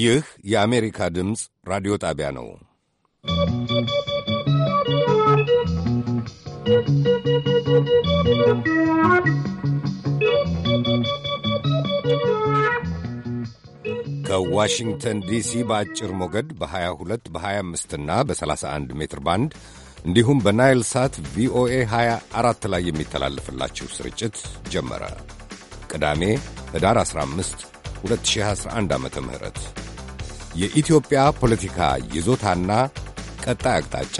ይህ የአሜሪካ ድምፅ ራዲዮ ጣቢያ ነው። ከዋሽንግተን ዲሲ በአጭር ሞገድ በ22 በ25 እና በ31 ሜትር ባንድ እንዲሁም በናይል ሳት ቪኦኤ 24 ላይ የሚተላለፍላችሁ ስርጭት ጀመረ። ቅዳሜ ኅዳር 15 2011 ዓ ም የኢትዮጵያ ፖለቲካ ይዞታና ቀጣይ አቅጣጫ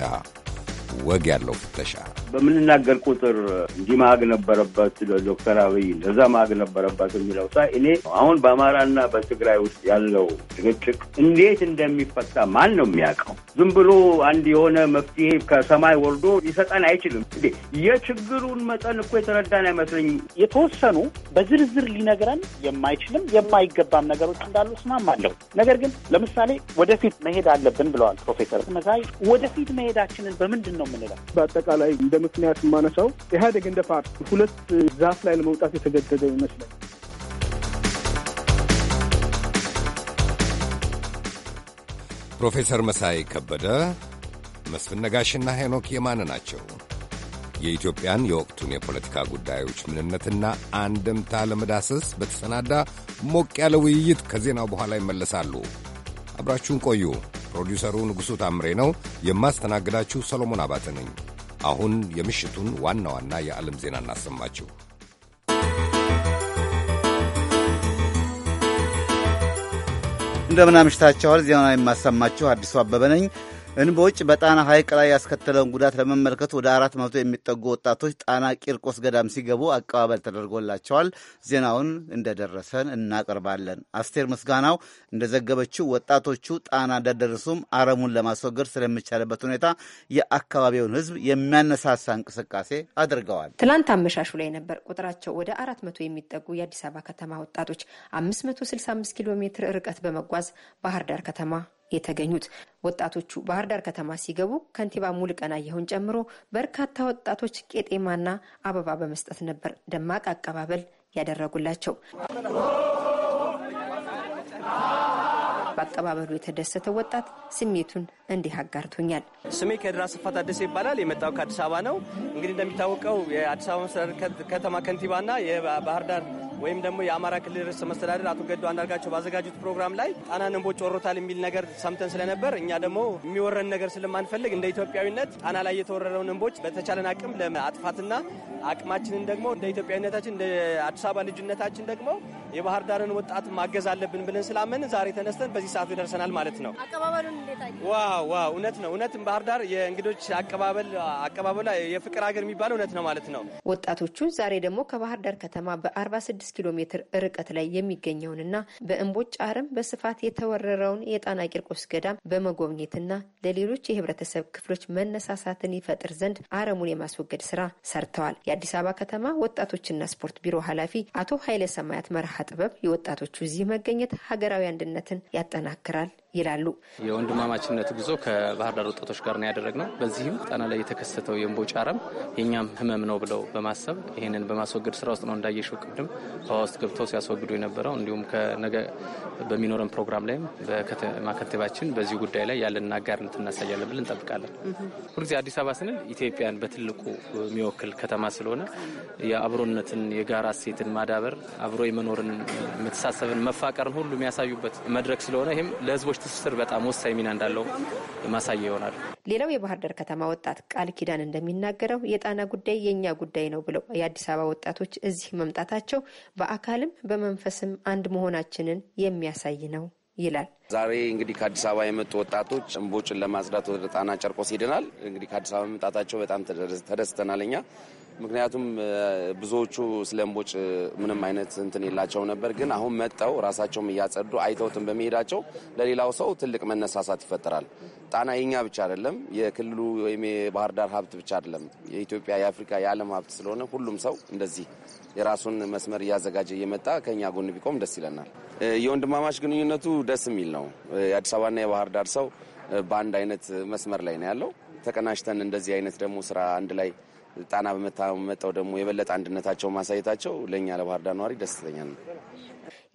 ወግ ያለው ፍተሻ በምንናገር ቁጥር እንዲህ ማግ ነበረበት ዶክተር አብይ እንደዛ ማግ ነበረበት የሚለው ሳ እኔ አሁን በአማራና በትግራይ ውስጥ ያለው ጭቅጭቅ እንዴት እንደሚፈታ ማን ነው የሚያውቀው? ዝም ብሎ አንድ የሆነ መፍትሄ ከሰማይ ወርዶ ሊሰጠን አይችልም። እንዴ የችግሩን መጠን እኮ የተረዳን አይመስለኝም። የተወሰኑ በዝርዝር ሊነግረን የማይችልም የማይገባም ነገሮች እንዳሉ እስማማለሁ። ነገር ግን ለምሳሌ ወደፊት መሄድ አለብን ብለዋል ፕሮፌሰር መዛይ። ወደፊት መሄዳችንን በምንድን ነው የምንለው? በአጠቃላይ እንደ ምክንያት የማነሳው ኢህአዴግ እንደ ፓርቲ ሁለት ዛፍ ላይ ለመውጣት የተገደደ ይመስላል። ፕሮፌሰር መሳይ ከበደ፣ መስፍን ነጋሽና ሄኖክ የማነ ናቸው። የኢትዮጵያን የወቅቱን የፖለቲካ ጉዳዮች ምንነትና አንድምታ ለመዳሰስ በተሰናዳ ሞቅ ያለ ውይይት ከዜናው በኋላ ይመለሳሉ። አብራችሁን ቆዩ። ፕሮዲውሰሩ ንጉሡ ታምሬ ነው። የማስተናግዳችሁ ሰሎሞን አባተ ነኝ። አሁን የምሽቱን ዋና ዋና የዓለም ዜና እናሰማችሁ። እንደምን አምሽታችኋል። ዜናውን የማሰማችሁ አዲሱ አበበ ነኝ። እንቦጭ በጣና ሐይቅ ላይ ያስከተለውን ጉዳት ለመመልከት ወደ አራት መቶ የሚጠጉ ወጣቶች ጣና ቂርቆስ ገዳም ሲገቡ አቀባበል ተደርጎላቸዋል። ዜናውን እንደደረሰን እናቀርባለን። አስቴር ምስጋናው እንደዘገበችው ወጣቶቹ ጣና እንደደረሱም አረሙን ለማስወገድ ስለሚቻልበት ሁኔታ የአካባቢውን ሕዝብ የሚያነሳሳ እንቅስቃሴ አድርገዋል። ትላንት አመሻሹ ላይ ነበር ቁጥራቸው ወደ አራት መቶ የሚጠጉ የአዲስ አበባ ከተማ ወጣቶች 565 ኪሎ ሜትር ርቀት በመጓዝ ባህር ዳር ከተማ የተገኙት። ወጣቶቹ ባህር ዳር ከተማ ሲገቡ ከንቲባ ሙሉቀን አየሁን ጨምሮ በርካታ ወጣቶች ቄጤማና አበባ በመስጠት ነበር ደማቅ አቀባበል ያደረጉላቸው። በአቀባበሉ የተደሰተው ወጣት ስሜቱን እንዲህ አጋርቶኛል። ስሜ ከድራ ስፋት አደሰ ይባላል። የመጣው ከአዲስ አበባ ነው። እንግዲህ እንደሚታወቀው የአዲስ አበባ መስተዳድር ከተማ ከንቲባና የባህር ዳር ወይም ደግሞ የአማራ ክልል ርዕሰ መስተዳደር አቶ ገዱ አንዳርጋቸው ባዘጋጁት ፕሮግራም ላይ ጣናን እንቦጭ ወሮታል የሚል ነገር ሰምተን ስለነበር እኛ ደግሞ የሚወረን ነገር ስለማንፈልግ እንደ ኢትዮጵያዊነት ጣና ላይ የተወረረውን እንቦጭ በተቻለን አቅም ለማጥፋትና አቅማችንን ደግሞ እንደ ኢትዮጵያዊነታችን እንደ አዲስ አበባ ልጅነታችን ደግሞ የባህር ዳርን ወጣት ማገዝ አለብን ብለን ስላመን ዛሬ ተነስተን በዚህ ሰዓቱ ደርሰናል ማለት ነው። ዋው ዋው! እውነት ነው እውነትም ባህር ዳር የእንግዶች አቀባበል አቀባበላ የፍቅር ሀገር የሚባለው እውነት ነው ማለት ነው። ወጣቶቹ ዛሬ ደግሞ ከባህር ዳር ከተማ በ46 ኪሎ ሜትር ርቀት ላይ የሚገኘውንና በእንቦጭ አረም በስፋት የተወረረውን የጣና ቂርቆስ ገዳም በመጎብኘትና ለሌሎች የህብረተሰብ ክፍሎች መነሳሳትን ይፈጥር ዘንድ አረሙን የማስወገድ ስራ ሰርተዋል። የአዲስ አበባ ከተማ ወጣቶችና ስፖርት ቢሮ ኃላፊ አቶ ኃይለ ሰማያት መርሃ ጥበብ የወጣቶቹ እዚህ መገኘት ሀገራዊ አንድነትን ያጠናክራል ይላሉ። የወንድማማችነት ጉዞ ከባህር ዳር ወጣቶች ጋር ነው ያደረግነው። በዚህም ጣና ላይ የተከሰተው የእምቦጭ አረም የእኛም ህመም ነው ብለው በማሰብ ይህንን በማስወገድ ስራ ውስጥ ነው እንዳየሽው ቅድም ውሃ ውስጥ ገብተው ሲያስወግዱ የነበረው። እንዲሁም ከነገ በሚኖረን ፕሮግራም ላይም በከተማ ከንቲባችን በዚህ ጉዳይ ላይ ያለን አጋርነት እናሳያለን ብለን እንጠብቃለን። ሁልጊዜ አዲስ አበባ ስንል ኢትዮጵያን በትልቁ የሚወክል ከተማ ስለሆነ የአብሮነትን የጋራ ሴትን ማዳበር አብሮ የመኖርን መተሳሰብን፣ መፋቀርን ሁሉ የሚያሳዩበት መድረክ ስለሆነ ይህም ለህዝቦች ትስስር በጣም ወሳኝ ሚና እንዳለው ማሳያ ይሆናል። ሌላው የባህር ዳር ከተማ ወጣት ቃል ኪዳን እንደሚናገረው የጣና ጉዳይ የእኛ ጉዳይ ነው ብለው የአዲስ አበባ ወጣቶች እዚህ መምጣታቸው በአካልም በመንፈስም አንድ መሆናችንን የሚያሳይ ነው ይላል። ዛሬ እንግዲህ ከአዲስ አበባ የመጡ ወጣቶች እንቦጭን ለማጽዳት ወደ ጣና ጨርቆስ ሄደናል። እንግዲህ ከአዲስ አበባ መምጣታቸው በጣም ተደስተናል እኛ ምክንያቱም ብዙዎቹ ስለምቦጭ ምንም አይነት እንትን የላቸው ነበር። ግን አሁን መጠው ራሳቸውም እያጸዱ አይተውትን በመሄዳቸው ለሌላው ሰው ትልቅ መነሳሳት ይፈጠራል። ጣና የኛ ብቻ አይደለም፣ የክልሉ ወይም የባህር ዳር ሀብት ብቻ አይደለም። የኢትዮጵያ፣ የአፍሪካ፣ የዓለም ሀብት ስለሆነ ሁሉም ሰው እንደዚህ የራሱን መስመር እያዘጋጀ እየመጣ ከኛ ጎን ቢቆም ደስ ይለናል። የወንድማማች ግንኙነቱ ደስ የሚል ነው። የአዲስ አበባና የባህር ዳር ሰው በአንድ አይነት መስመር ላይ ነው ያለው። ተቀናሽተን እንደዚህ አይነት ደግሞ ስራ አንድ ላይ ጣና በመጣው ደግሞ የበለጠ አንድነታቸው ማሳየታቸው ለእኛ ለባህር ዳር ነዋሪ ደስተኛ ነው።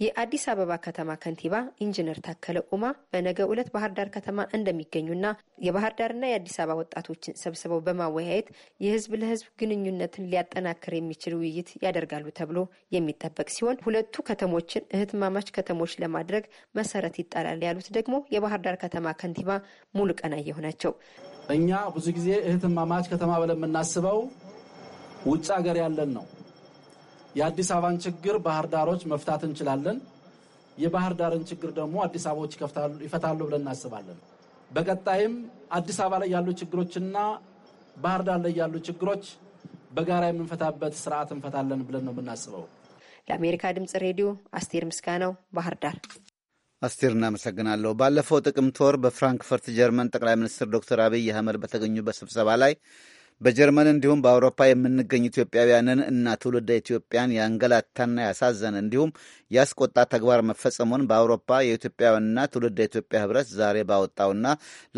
የአዲስ አበባ ከተማ ከንቲባ ኢንጂነር ታከለ ኡማ በነገ ዕለት ባህር ዳር ከተማ እንደሚገኙና የባህር ዳርና የአዲስ አበባ ወጣቶችን ሰብስበው በማወያየት የህዝብ ለህዝብ ግንኙነትን ሊያጠናክር የሚችል ውይይት ያደርጋሉ ተብሎ የሚጠበቅ ሲሆን ሁለቱ ከተሞችን እህትማማች ከተሞች ለማድረግ መሰረት ይጣላል ያሉት ደግሞ የባህር ዳር ከተማ ከንቲባ ሙሉቀን አየሁ ናቸው። እኛ ብዙ ጊዜ እህትማማች ከተማ ብለን የምናስበው ውጭ ሀገር ያለን ነው። የአዲስ አበባን ችግር ባህር ዳሮች መፍታት እንችላለን፣ የባህር ዳርን ችግር ደግሞ አዲስ አበባዎች ይፈታሉ ብለን እናስባለን። በቀጣይም አዲስ አበባ ላይ ያሉ ችግሮችና ባህር ዳር ላይ ያሉ ችግሮች በጋራ የምንፈታበት ስርዓት እንፈታለን ብለን ነው የምናስበው። ለአሜሪካ ድምፅ ሬዲዮ አስቴር ምስጋናው ባህር ዳር አስቴር እናመሰግናለሁ። ባለፈው ጥቅምት ወር በፍራንክፈርት ጀርመን ጠቅላይ ሚኒስትር ዶክተር አብይ አህመድ በተገኙበት ስብሰባ ላይ በጀርመን እንዲሁም በአውሮፓ የምንገኝ ኢትዮጵያውያንን እና ትውልደ ኢትዮጵያን ያንገላታና ያሳዘነ እንዲሁም ያስቆጣ ተግባር መፈጸሙን በአውሮፓ የኢትዮጵያውያንና ትውልደ ኢትዮጵያ ህብረት ዛሬ ባወጣውና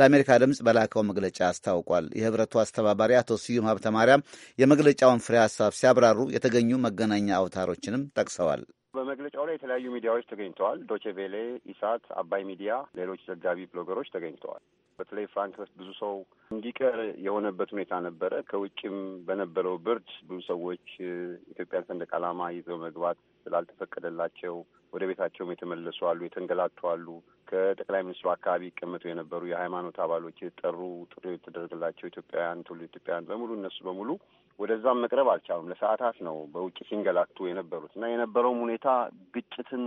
ለአሜሪካ ድምፅ በላከው መግለጫ አስታውቋል። የህብረቱ አስተባባሪ አቶ ስዩም ሀብተ ማርያም የመግለጫውን ፍሬ ሀሳብ ሲያብራሩ የተገኙ መገናኛ አውታሮችንም ጠቅሰዋል። በመግለጫው ላይ የተለያዩ ሚዲያዎች ተገኝተዋል። ዶቼቬሌ፣ ኢሳት፣ አባይ ሚዲያ፣ ሌሎች ዘጋቢ ብሎገሮች ተገኝተዋል። በተለይ ፍራንክፈርት ብዙ ሰው እንዲቀር የሆነበት ሁኔታ ነበረ። ከውጭም በነበረው ብርድ ብዙ ሰዎች ኢትዮጵያን ሰንደቅ ዓላማ ይዘው መግባት ስላልተፈቀደላቸው ወደ ቤታቸውም የተመለሱ አሉ፣ የተንገላቱ አሉ። ከጠቅላይ ሚኒስትሩ አካባቢ ይቀመጡ የነበሩ የሃይማኖት አባሎች የጠሩ ጥሪ የተደረገላቸው ኢትዮጵያውያን ትውልደ ኢትዮጵያውያን በሙሉ እነሱ በሙሉ ወደዛም መቅረብ አልቻሉም። ለሰዓታት ነው በውጭ ሲንገላቱ የነበሩት እና የነበረውም ሁኔታ ግጭትን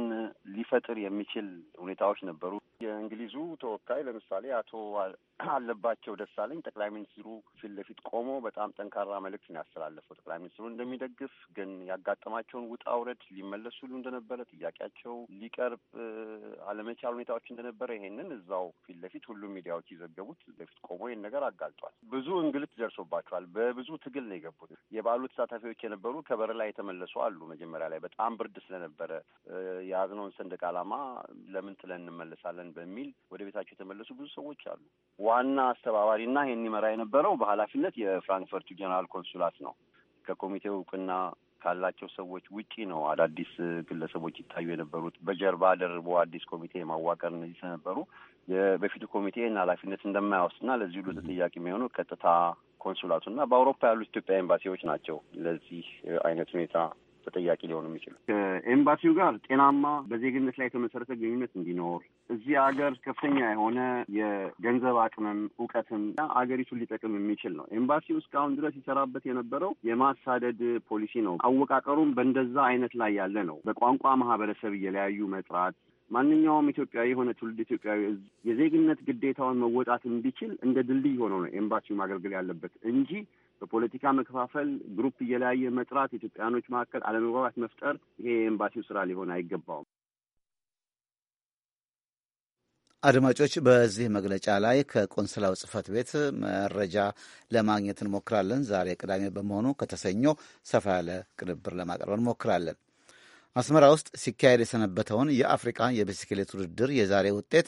ሊፈጥር የሚችል ሁኔታዎች ነበሩ። የእንግሊዙ ተወካይ ለምሳሌ አቶ አለባቸው ደሳለኝ ጠቅላይ ሚኒስትሩ ፊት ለፊት ቆሞ በጣም ጠንካራ መልእክት ነው ያስተላለፈው። ጠቅላይ ሚኒስትሩ እንደሚደግፍ ግን ያጋጠማቸውን ውጣ ውረድ ሉ እንደነበረ፣ ጥያቄያቸው ሊቀርብ አለመቻል ሁኔታዎች እንደነበረ ይሄንን እዛው ፊት ለፊት ሁሉም ሚዲያዎች ይዘገቡት ፊት ለፊት ቆሞ ይህን ነገር አጋልጧል። ብዙ እንግልት ደርሶባቸዋል። በብዙ ትግል ነው የገቡ የገቡት። የበዓሉ ተሳታፊዎች የነበሩ ከበር ላይ የተመለሱ አሉ። መጀመሪያ ላይ በጣም ብርድ ስለነበረ የያዝነውን ሰንደቅ ዓላማ ለምን ጥለን እንመለሳለን በሚል ወደ ቤታቸው የተመለሱ ብዙ ሰዎች አሉ። ዋና አስተባባሪና ይህን ይመራ የነበረው በኃላፊነት የፍራንክፈርቱ ጀነራል ኮንሱላት ነው። ከኮሚቴው እውቅና ካላቸው ሰዎች ውጪ ነው አዳዲስ ግለሰቦች ይታዩ የነበሩት። በጀርባ ደርቦ አዲስ ኮሚቴ የማዋቀር እነዚህ ስለነበሩ በፊቱ ኮሚቴ እና ኃላፊነት እንደማያወስድና ለዚህ ሁሉ ተጠያቂ የሚሆነው ቀጥታ ኮንሱላቱ እና በአውሮፓ ያሉት ኢትዮጵያ ኤምባሲዎች ናቸው ለዚህ አይነት ሁኔታ ተጠያቂ ሊሆኑ የሚችሉ ከኤምባሲው ጋር ጤናማ በዜግነት ላይ የተመሰረተ ግንኙነት እንዲኖር እዚህ ሀገር ከፍተኛ የሆነ የገንዘብ አቅምም እውቀትም አገሪቱን ሊጠቅም የሚችል ነው። ኤምባሲው እስካሁን ድረስ ሲሰራበት የነበረው የማሳደድ ፖሊሲ ነው። አወቃቀሩም በእንደዛ አይነት ላይ ያለ ነው። በቋንቋ ማህበረሰብ እየለያዩ መጥራት፣ ማንኛውም ኢትዮጵያዊ የሆነ ትውልድ ኢትዮጵያዊ የዜግነት ግዴታውን መወጣት እንዲችል እንደ ድልድይ ሆኖ ነው ኤምባሲው ማገልገል ያለበት እንጂ በፖለቲካ መከፋፈል፣ ግሩፕ እየለያየ መጥራት፣ ኢትዮጵያኖች መካከል አለመግባባት መፍጠር ይሄ የኤምባሲው ስራ ሊሆን አይገባውም። አድማጮች፣ በዚህ መግለጫ ላይ ከቆንስላው ጽህፈት ቤት መረጃ ለማግኘት እንሞክራለን። ዛሬ ቅዳሜ በመሆኑ ከተሰኞ ሰፋ ያለ ቅንብር ለማቅረብ እንሞክራለን። አስመራ ውስጥ ሲካሄድ የሰነበተውን የአፍሪቃ የብስክሌት ውድድር የዛሬ ውጤት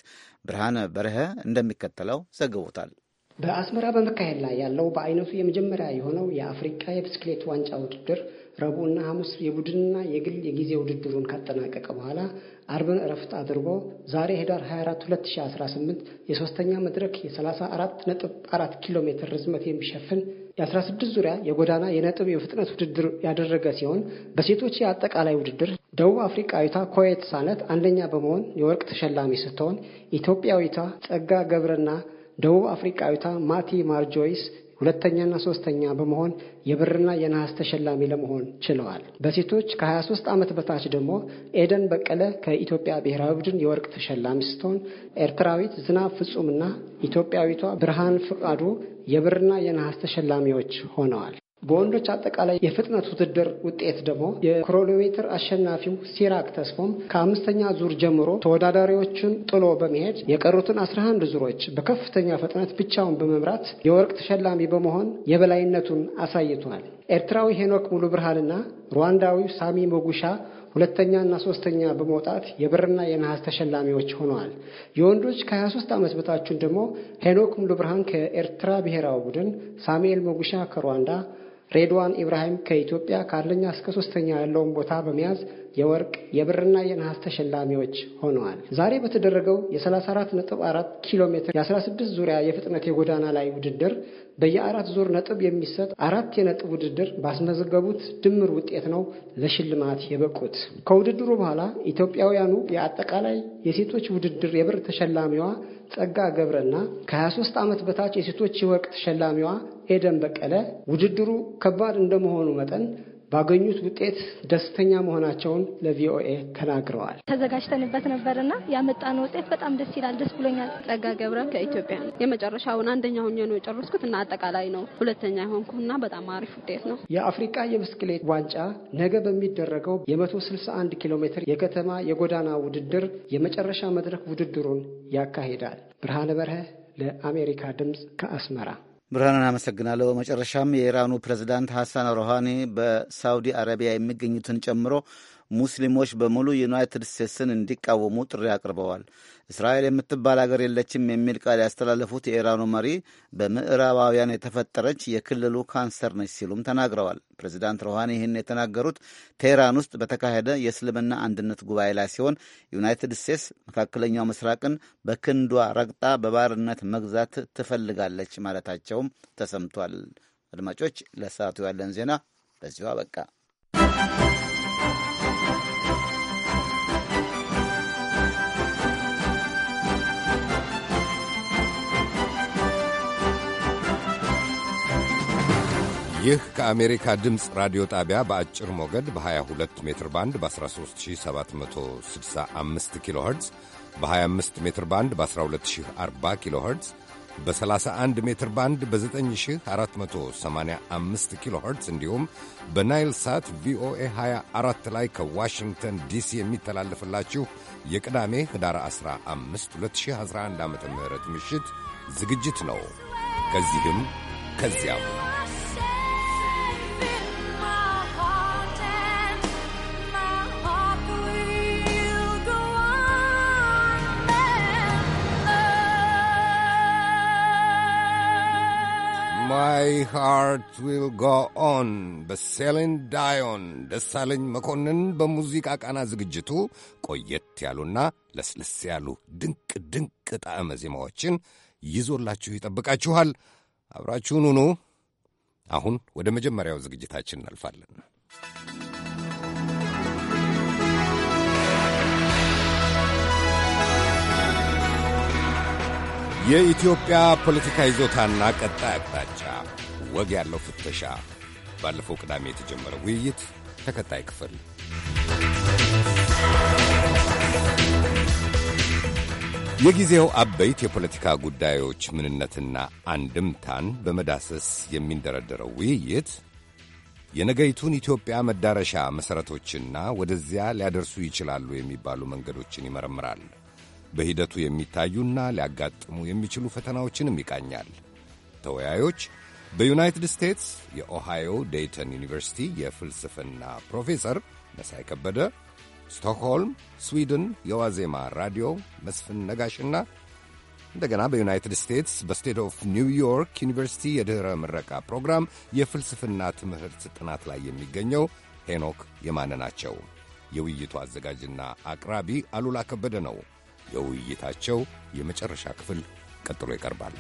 ብርሃነ በረኸ እንደሚከተለው ዘግቦታል። በአስመራ በመካሄድ ላይ ያለው በአይነቱ የመጀመሪያ የሆነው የአፍሪቃ የብስክሌት ዋንጫ ውድድር ረቡዕና ሐሙስ የቡድንና የግል የጊዜ ውድድሩን ካጠናቀቀ በኋላ አርብን እረፍት አድርጎ ዛሬ ህዳር 24 2018 የሶስተኛ መድረክ የ34.4 ኪሎ ሜትር ርዝመት የሚሸፍን የ16 ዙሪያ የጎዳና የነጥብ የፍጥነት ውድድር ያደረገ ሲሆን በሴቶች የአጠቃላይ ውድድር ደቡብ አፍሪቃዊቷ ኮየት ሳነት አንደኛ በመሆን የወርቅ ተሸላሚ ስትሆን ኢትዮጵያዊቷ ጸጋ ገብረና ደቡብ አፍሪቃዊቷ ማቲ ማርጆይስ ሁለተኛና ሶስተኛ በመሆን የብርና የነሐስ ተሸላሚ ለመሆን ችለዋል። በሴቶች ከ23 ዓመት በታች ደግሞ ኤደን በቀለ ከኢትዮጵያ ብሔራዊ ቡድን የወርቅ ተሸላሚ ስትሆን ኤርትራዊት ዝናብ ፍጹምና ኢትዮጵያዊቷ ብርሃን ፍቃዱ የብርና የነሐስ ተሸላሚዎች ሆነዋል። በወንዶች አጠቃላይ የፍጥነት ውድድር ውጤት ደግሞ የክሮኖሜትር አሸናፊው ሲራክ ተስፎም ከአምስተኛ ዙር ጀምሮ ተወዳዳሪዎችን ጥሎ በመሄድ የቀሩትን 11 ዙሮች በከፍተኛ ፍጥነት ብቻውን በመምራት የወርቅ ተሸላሚ በመሆን የበላይነቱን አሳይቷል። ኤርትራዊ ሄኖክ ሙሉ ብርሃንና ሩዋንዳዊው ሳሚ ሞጉሻ ሁለተኛና ሶስተኛ በመውጣት የብርና የነሐስ ተሸላሚዎች ሆነዋል። የወንዶች ከ23 ዓመት በታችን ደግሞ ሄኖክ ሙሉ ብርሃን ከኤርትራ ብሔራዊ ቡድን፣ ሳሙኤል ሞጉሻ ከሩዋንዳ ሬድዋን ኢብራሂም ከኢትዮጵያ ከአንደኛ እስከ ሶስተኛ ያለውን ቦታ በመያዝ የወርቅ የብርና የነሐስ ተሸላሚዎች ሆነዋል። ዛሬ በተደረገው የ34.4 ኪሎ ሜትር የ16 ዙሪያ የፍጥነት የጎዳና ላይ ውድድር በየአራት ዙር ነጥብ የሚሰጥ አራት የነጥብ ውድድር ባስመዘገቡት ድምር ውጤት ነው ለሽልማት የበቁት። ከውድድሩ በኋላ ኢትዮጵያውያኑ የአጠቃላይ የሴቶች ውድድር የብር ተሸላሚዋ ጸጋ ገብረና ከ23 ዓመት በታች የሴቶች የወርቅ ተሸላሚዋ ኤደን በቀለ ውድድሩ ከባድ እንደመሆኑ መጠን ባገኙት ውጤት ደስተኛ መሆናቸውን ለቪኦኤ ተናግረዋል። ተዘጋጅተንበት ነበርና ያመጣን ውጤት በጣም ደስ ይላል። ደስ ብሎኛል። ጸጋ ገብረ ከኢትዮጵያ የመጨረሻውን አንደኛ ሆኜ ነው የጨረስኩት እና አጠቃላይ ነው ሁለተኛ የሆንኩና በጣም አሪፍ ውጤት ነው። የአፍሪቃ የብስክሌት ዋንጫ ነገ በሚደረገው የ161 ኪሎ ሜትር የከተማ የጎዳና ውድድር የመጨረሻ መድረክ ውድድሩን ያካሂዳል። ብርሃነ በርሀ ለአሜሪካ ድምፅ ከአስመራ ብርሃንን አመሰግናለሁ። መጨረሻም የኢራኑ ፕሬዚዳንት ሐሳን ሮሃኒ በሳውዲ አረቢያ የሚገኙትን ጨምሮ ሙስሊሞች በሙሉ ዩናይትድ ስቴትስን እንዲቃወሙ ጥሪ አቅርበዋል። እስራኤል የምትባል አገር የለችም የሚል ቃል ያስተላለፉት የኢራኑ መሪ በምዕራባውያን የተፈጠረች የክልሉ ካንሰር ነች ሲሉም ተናግረዋል። ፕሬዚዳንት ሮሃኒ ይህን የተናገሩት ቴህራን ውስጥ በተካሄደ የእስልምና አንድነት ጉባኤ ላይ ሲሆን ዩናይትድ ስቴትስ መካከለኛው ምስራቅን በክንዷ ረግጣ በባርነት መግዛት ትፈልጋለች ማለታቸውም ተሰምቷል። አድማጮች፣ ለሰዓቱ ያለን ዜና በዚሁ አበቃ። ይህ ከአሜሪካ ድምፅ ራዲዮ ጣቢያ በአጭር ሞገድ በ22 ሜትር ባንድ በ13765 ኪሎ ኸርትዝ በ25 ሜትር ባንድ በ1240 ኪሎ ኸርትዝ በ31 ሜትር ባንድ በ9485 ኪሎ ኸርትዝ እንዲሁም በናይል ሳት ቪኦኤ 24 ላይ ከዋሽንግተን ዲሲ የሚተላለፍላችሁ የቅዳሜ ህዳር 15 2011 ዓ ም ምሽት ዝግጅት ነው። ከዚህም ከዚያም ማይ ሃርት ዊል ጎ ኦን በሴሊን ዳዮን ደሳለኝ መኮንን በሙዚቃ ቃና ዝግጅቱ ቆየት ያሉና ለስለስ ያሉ ድንቅ ድንቅ ጣዕመ ዜማዎችን ይዞላችሁ ይጠብቃችኋል። አብራችሁን ሁኑ። አሁን ወደ መጀመሪያው ዝግጅታችን እናልፋለን። የኢትዮጵያ ፖለቲካ ይዞታና ቀጣይ አቅጣጫ ወግ ያለው ፍተሻ ባለፈው ቅዳሜ የተጀመረ ውይይት ተከታይ ክፍል። የጊዜው አበይት የፖለቲካ ጉዳዮች ምንነትና አንድምታን በመዳሰስ የሚንደረደረው ውይይት የነገይቱን ኢትዮጵያ መዳረሻ መሠረቶችና ወደዚያ ሊያደርሱ ይችላሉ የሚባሉ መንገዶችን ይመረምራል። በሂደቱ የሚታዩና ሊያጋጥሙ የሚችሉ ፈተናዎችንም ይቃኛል። ተወያዮች በዩናይትድ ስቴትስ የኦሃዮ ዴይተን ዩኒቨርሲቲ የፍልስፍና ፕሮፌሰር መሳይ ከበደ፣ ስቶክሆልም ስዊድን የዋዜማ ራዲዮ መስፍን ነጋሽና እንደገና በዩናይትድ ስቴትስ በስቴት ኦፍ ኒውዮርክ ዩኒቨርሲቲ የድኅረ ምረቃ ፕሮግራም የፍልስፍና ትምህርት ጥናት ላይ የሚገኘው ሄኖክ የማነ ናቸው። የውይይቱ አዘጋጅና አቅራቢ አሉላ ከበደ ነው። የውይይታቸው የመጨረሻ ክፍል ቀጥሎ ይቀርባል።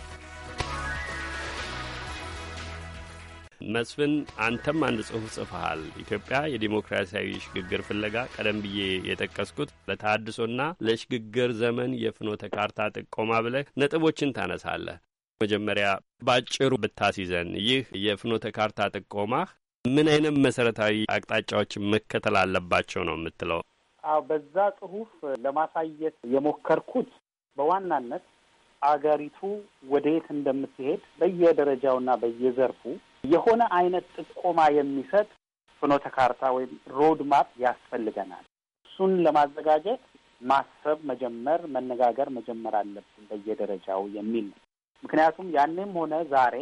መስፍን፣ አንተም አንድ ጽሑፍ ጽፈሃል። ኢትዮጵያ የዲሞክራሲያዊ ሽግግር ፍለጋ ቀደም ብዬ የጠቀስኩት ለተሃድሶና ለሽግግር ዘመን የፍኖተ ካርታ ጥቆማ ብለህ ነጥቦችን ታነሳለህ። መጀመሪያ ባጭሩ ብታስይዘን ይህ የፍኖተ ካርታ ጥቆማ ምን አይነት መሰረታዊ አቅጣጫዎችን መከተል አለባቸው ነው የምትለው? አዎ በዛ ጽሁፍ ለማሳየት የሞከርኩት በዋናነት አገሪቱ ወደየት እንደምትሄድ በየደረጃውና በየዘርፉ የሆነ አይነት ጥቆማ የሚሰጥ ፍኖተ ካርታ ወይም ሮድ ማፕ ያስፈልገናል። እሱን ለማዘጋጀት ማሰብ መጀመር፣ መነጋገር መጀመር አለብን በየደረጃው የሚል ነው። ምክንያቱም ያኔም ሆነ ዛሬ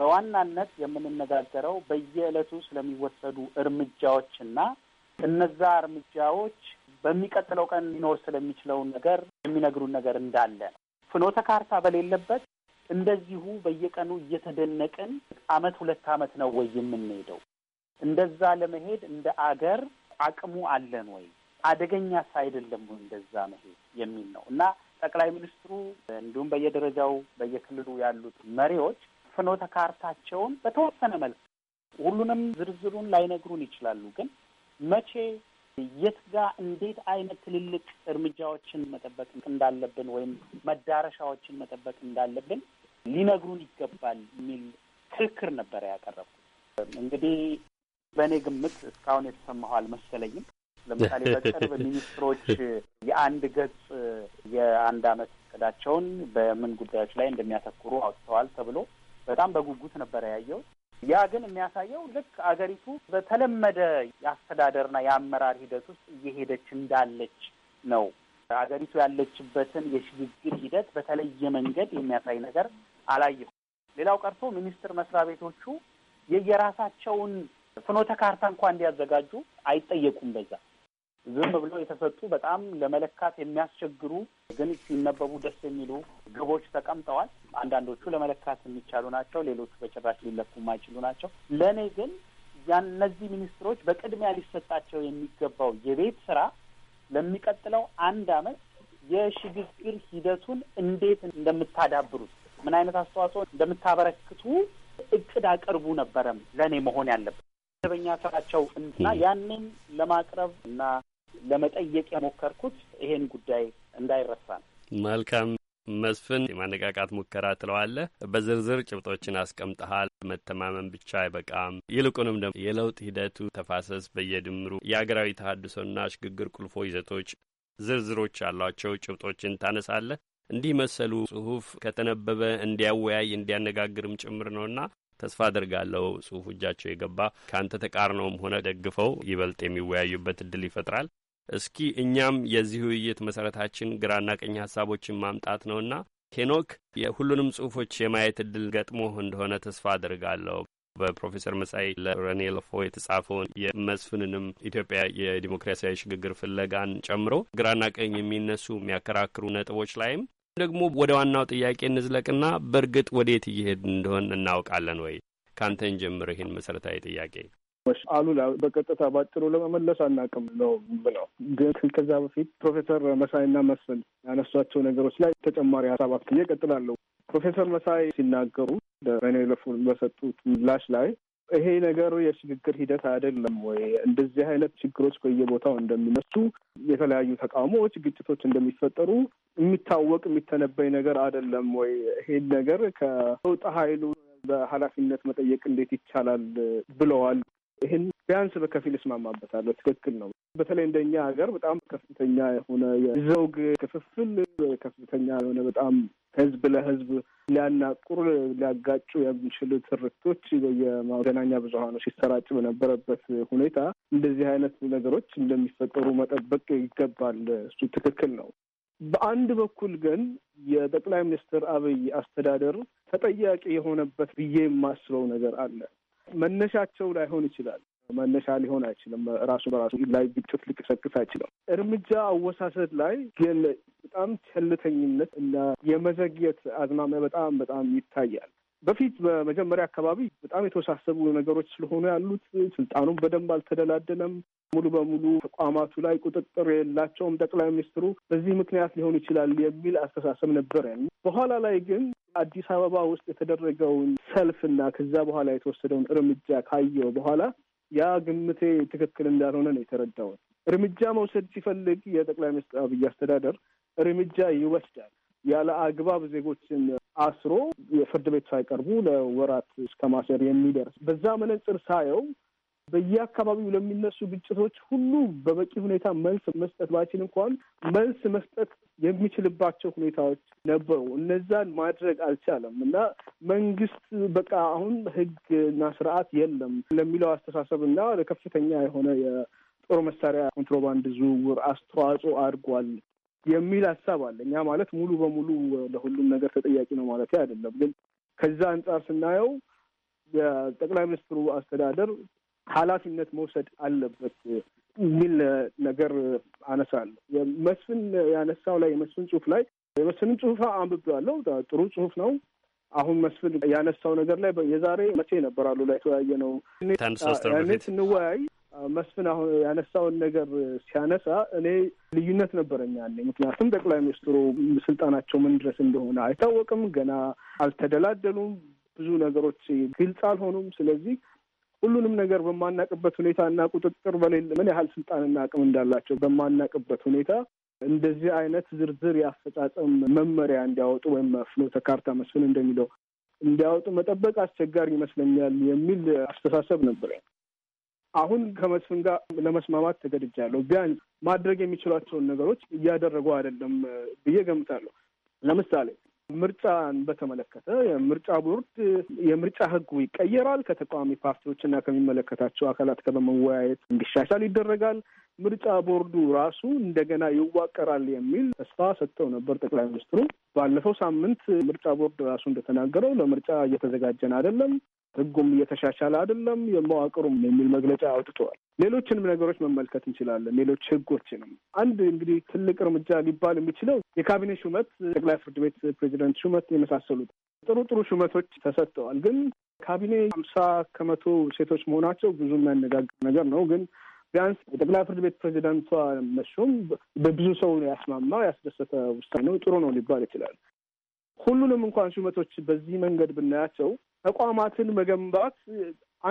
በዋናነት የምንነጋገረው በየዕለቱ ስለሚወሰዱ እርምጃዎችና እነዛ እርምጃዎች በሚቀጥለው ቀን ሊኖር ስለሚችለው ነገር የሚነግሩን ነገር እንዳለ ነው። ፍኖተ ካርታ በሌለበት እንደዚሁ በየቀኑ እየተደነቅን አመት ሁለት አመት ነው ወይ የምንሄደው? እንደዛ ለመሄድ እንደ አገር አቅሙ አለን ወይ? አደገኛስ አይደለም ወይ እንደዛ መሄድ የሚል ነው እና ጠቅላይ ሚኒስትሩ እንዲሁም በየደረጃው በየክልሉ ያሉት መሪዎች ፍኖተ ካርታቸውን በተወሰነ መልክ ሁሉንም ዝርዝሩን ላይነግሩን ይችላሉ ግን መቼ፣ የት ጋር እንዴት አይነት ትልልቅ እርምጃዎችን መጠበቅ እንዳለብን ወይም መዳረሻዎችን መጠበቅ እንዳለብን ሊነግሩን ይገባል የሚል ክርክር ነበረ ያቀረብኩት። እንግዲህ በእኔ ግምት እስካሁን የተሰማሁ አልመሰለኝም። ለምሳሌ በቅርብ ሚኒስትሮች የአንድ ገጽ የአንድ አመት እቅዳቸውን በምን ጉዳዮች ላይ እንደሚያተኩሩ አውጥተዋል ተብሎ በጣም በጉጉት ነበረ ያየው። ያ ግን የሚያሳየው ልክ አገሪቱ በተለመደ የአስተዳደርና የአመራር ሂደት ውስጥ እየሄደች እንዳለች ነው። አገሪቱ ያለችበትን የሽግግር ሂደት በተለየ መንገድ የሚያሳይ ነገር አላየሁ ሌላው ቀርቶ ሚኒስቴር መስሪያ ቤቶቹ የየራሳቸውን ፍኖተ ካርታ እንኳ እንዲያዘጋጁ አይጠየቁም። በዛ ዝም ብለው የተሰጡ በጣም ለመለካት የሚያስቸግሩ ግን ሲነበቡ ደስ የሚሉ ግቦች ተቀምጠዋል። አንዳንዶቹ ለመለካት የሚቻሉ ናቸው፣ ሌሎቹ በጭራሽ ሊለኩ የማይችሉ ናቸው። ለእኔ ግን እነዚህ ሚኒስትሮች በቅድሚያ ሊሰጣቸው የሚገባው የቤት ስራ ለሚቀጥለው አንድ አመት የሽግግር ሂደቱን እንዴት እንደምታዳብሩት ምን አይነት አስተዋጽኦ እንደምታበረክቱ እቅድ አቅርቡ ነበረም ለእኔ መሆን ያለበት መደበኛ ስራቸው እና ያንን ለማቅረብ እና ለመጠየቅ የሞከርኩት ይሄን ጉዳይ እንዳይረሳ ነው። መልካም መስፍን፣ የማነቃቃት ሙከራ ትለዋለህ። በዝርዝር ጭብጦችን አስቀምጠሃል። መተማመን ብቻ አይበቃም። ይልቁንም ደግሞ የለውጥ ሂደቱ ተፋሰስ፣ በየድምሩ የአገራዊ ተሀድሶና ሽግግር ቁልፎ ይዘቶች ዝርዝሮች ያሏቸው ጭብጦችን ታነሳለህ። እንዲህ መሰሉ ጽሁፍ ከተነበበ እንዲያወያይ እንዲያነጋግርም ጭምር ነውና ተስፋ አድርጋለሁ ጽሁፍ እጃቸው የገባ ከአንተ ተቃርነውም ሆነ ደግፈው ይበልጥ የሚወያዩበት እድል ይፈጥራል። እስኪ እኛም የዚህ ውይይት መሰረታችን ግራና ቀኝ ሀሳቦችን ማምጣት ነውና ሄኖክ የሁሉንም ጽሁፎች የማየት እድል ገጥሞ እንደሆነ ተስፋ አድርጋለሁ። በፕሮፌሰር መሳይ ለረኔ ለፎ የተጻፈውን የመስፍንንም ኢትዮጵያ የዲሞክራሲያዊ ሽግግር ፍለጋን ጨምሮ ግራና ቀኝ የሚነሱ የሚያከራክሩ ነጥቦች ላይም ደግሞ ወደ ዋናው ጥያቄ እንዝለቅና በእርግጥ ወዴት እየሄድ እንደሆን እናውቃለን ወይ? ካንተን ጀምሮ ይህን መሰረታዊ ጥያቄ አሉላ በቀጥታ ባጭሩ ለመመለስ አናውቅም ነው ብለው ግን ከዛ በፊት ፕሮፌሰር መሳይና መሰል ያነሷቸው ነገሮች ላይ ተጨማሪ ሀሳብ አክዬ እቀጥላለሁ። ፕሮፌሰር መሳይ ሲናገሩ በኔ በሰጡት ምላሽ ላይ ይሄ ነገር የሽግግር ሂደት አይደለም ወይ? እንደዚህ አይነት ችግሮች በየቦታው እንደሚነሱ የተለያዩ ተቃውሞዎች፣ ግጭቶች እንደሚፈጠሩ የሚታወቅ የሚተነበይ ነገር አይደለም ወይ? ይሄን ነገር ከለውጥ ኃይሉ በኃላፊነት መጠየቅ እንዴት ይቻላል ብለዋል። ይህን ቢያንስ በከፊል እስማማበታለሁ። ትክክል ነው። በተለይ እንደኛ ሀገር በጣም ከፍተኛ የሆነ የዘውግ ክፍፍል፣ ከፍተኛ የሆነ በጣም ህዝብ ለህዝብ ሊያናቁር ሊያጋጩ የሚችሉ ትርክቶች በየመገናኛ ብዙሀኑ ሲሰራጭ በነበረበት ሁኔታ እንደዚህ አይነት ነገሮች እንደሚፈጠሩ መጠበቅ ይገባል። እሱ ትክክል ነው። በአንድ በኩል ግን የጠቅላይ ሚኒስትር አብይ አስተዳደር ተጠያቂ የሆነበት ብዬ የማስበው ነገር አለ። መነሻቸው ላይሆን ይችላል። መነሻ ሊሆን አይችልም። ራሱ በራሱ ላይ ግጭት ሊቀሰቅስ አይችልም። እርምጃ አወሳሰድ ላይ ግን በጣም ቸልተኝነት እና የመዘግየት አዝማሚያ በጣም በጣም ይታያል። በፊት በመጀመሪያ አካባቢ በጣም የተወሳሰቡ ነገሮች ስለሆኑ ያሉት ስልጣኑም በደንብ አልተደላደለም። ሙሉ በሙሉ ተቋማቱ ላይ ቁጥጥር የላቸውም ጠቅላይ ሚኒስትሩ። በዚህ ምክንያት ሊሆን ይችላል የሚል አስተሳሰብ ነበር። በኋላ ላይ ግን አዲስ አበባ ውስጥ የተደረገውን ሰልፍና ከዛ በኋላ የተወሰደውን እርምጃ ካየው በኋላ ያ ግምቴ ትክክል እንዳልሆነ ነው የተረዳውን። እርምጃ መውሰድ ሲፈልግ የጠቅላይ ሚኒስትር አብይ አስተዳደር እርምጃ ይወስዳል። ያለ አግባብ ዜጎችን አስሮ የፍርድ ቤት ሳይቀርቡ ለወራት እስከ ማሰር የሚደርስ በዛ መነጽር ሳየው በየአካባቢው ለሚነሱ ግጭቶች ሁሉ በበቂ ሁኔታ መልስ መስጠት ባይችል እንኳን መልስ መስጠት የሚችልባቸው ሁኔታዎች ነበሩ። እነዛን ማድረግ አልቻለም እና መንግስት በቃ አሁን ህግና ስርዓት የለም ለሚለው አስተሳሰብ እና ለከፍተኛ የሆነ የጦር መሳሪያ ኮንትሮባንድ ዝውውር አስተዋጽኦ አድርጓል የሚል ሀሳብ አለ። እኛ ማለት ሙሉ በሙሉ ለሁሉም ነገር ተጠያቂ ነው ማለት አይደለም፣ ግን ከዛ አንጻር ስናየው የጠቅላይ ሚኒስትሩ አስተዳደር ኃላፊነት መውሰድ አለበት የሚል ነገር አነሳለሁ። መስፍን ያነሳው ላይ የመስፍን ጽሁፍ ላይ የመስፍንን ጽሁፍ አንብቤዋለሁ። ጥሩ ጽሁፍ ነው። አሁን መስፍን ያነሳው ነገር ላይ የዛሬ መቼ ነበራሉ ላይ ተወያየ ነው ያኔ ስንወያይ መስፍን አሁን ያነሳውን ነገር ሲያነሳ እኔ ልዩነት ነበረኝ ያለ ምክንያቱም ጠቅላይ ሚኒስትሩ ስልጣናቸው ምን ድረስ እንደሆነ አይታወቅም። ገና አልተደላደሉም። ብዙ ነገሮች ግልጽ አልሆኑም። ስለዚህ ሁሉንም ነገር በማናቅበት ሁኔታ እና ቁጥጥር በሌለ ምን ያህል ስልጣንና አቅም እንዳላቸው በማናቅበት ሁኔታ እንደዚህ አይነት ዝርዝር የአፈጻጸም መመሪያ እንዲያወጡ ወይም ፍኖተ ካርታ መስፍን እንደሚለው እንዲያወጡ መጠበቅ አስቸጋሪ ይመስለኛል የሚል አስተሳሰብ ነበር። አሁን ከመስፍን ጋር ለመስማማት ተገድጃለሁ። ቢያንስ ማድረግ የሚችሏቸውን ነገሮች እያደረጉ አይደለም ብዬ ገምታለሁ። ለምሳሌ ምርጫን በተመለከተ የምርጫ ቦርድ የምርጫ ህጉ ይቀየራል። ከተቃዋሚ ፓርቲዎችና ከሚመለከታቸው አካላት ጋር በመወያየት እንዲሻሻል ይደረጋል። ምርጫ ቦርዱ ራሱ እንደገና ይዋቀራል የሚል ተስፋ ሰጥተው ነበር ጠቅላይ ሚኒስትሩ። ባለፈው ሳምንት ምርጫ ቦርድ ራሱ እንደተናገረው ለምርጫ እየተዘጋጀን አይደለም፣ ህጉም እየተሻሻለ አይደለም፣ መዋቅሩም የሚል መግለጫ አውጥተዋል። ሌሎችንም ነገሮች መመልከት እንችላለን። ሌሎች ህጎችንም አንድ እንግዲህ ትልቅ እርምጃ ሊባል የሚችለው የካቢኔ ሹመት፣ ጠቅላይ ፍርድ ቤት ፕሬዚደንት ሹመት የመሳሰሉት ጥሩ ጥሩ ሹመቶች ተሰጥተዋል። ግን ካቢኔ ሀምሳ ከመቶ ሴቶች መሆናቸው ብዙ የሚያነጋግር ነገር ነው። ግን ቢያንስ የጠቅላይ ፍርድ ቤት ፕሬዚደንቷ መሾም በብዙ ሰው ያስማማ ያስደሰተ ውሳኔ ነው። ጥሩ ነው ሊባል ይችላል። ሁሉንም እንኳን ሹመቶች በዚህ መንገድ ብናያቸው ተቋማትን መገንባት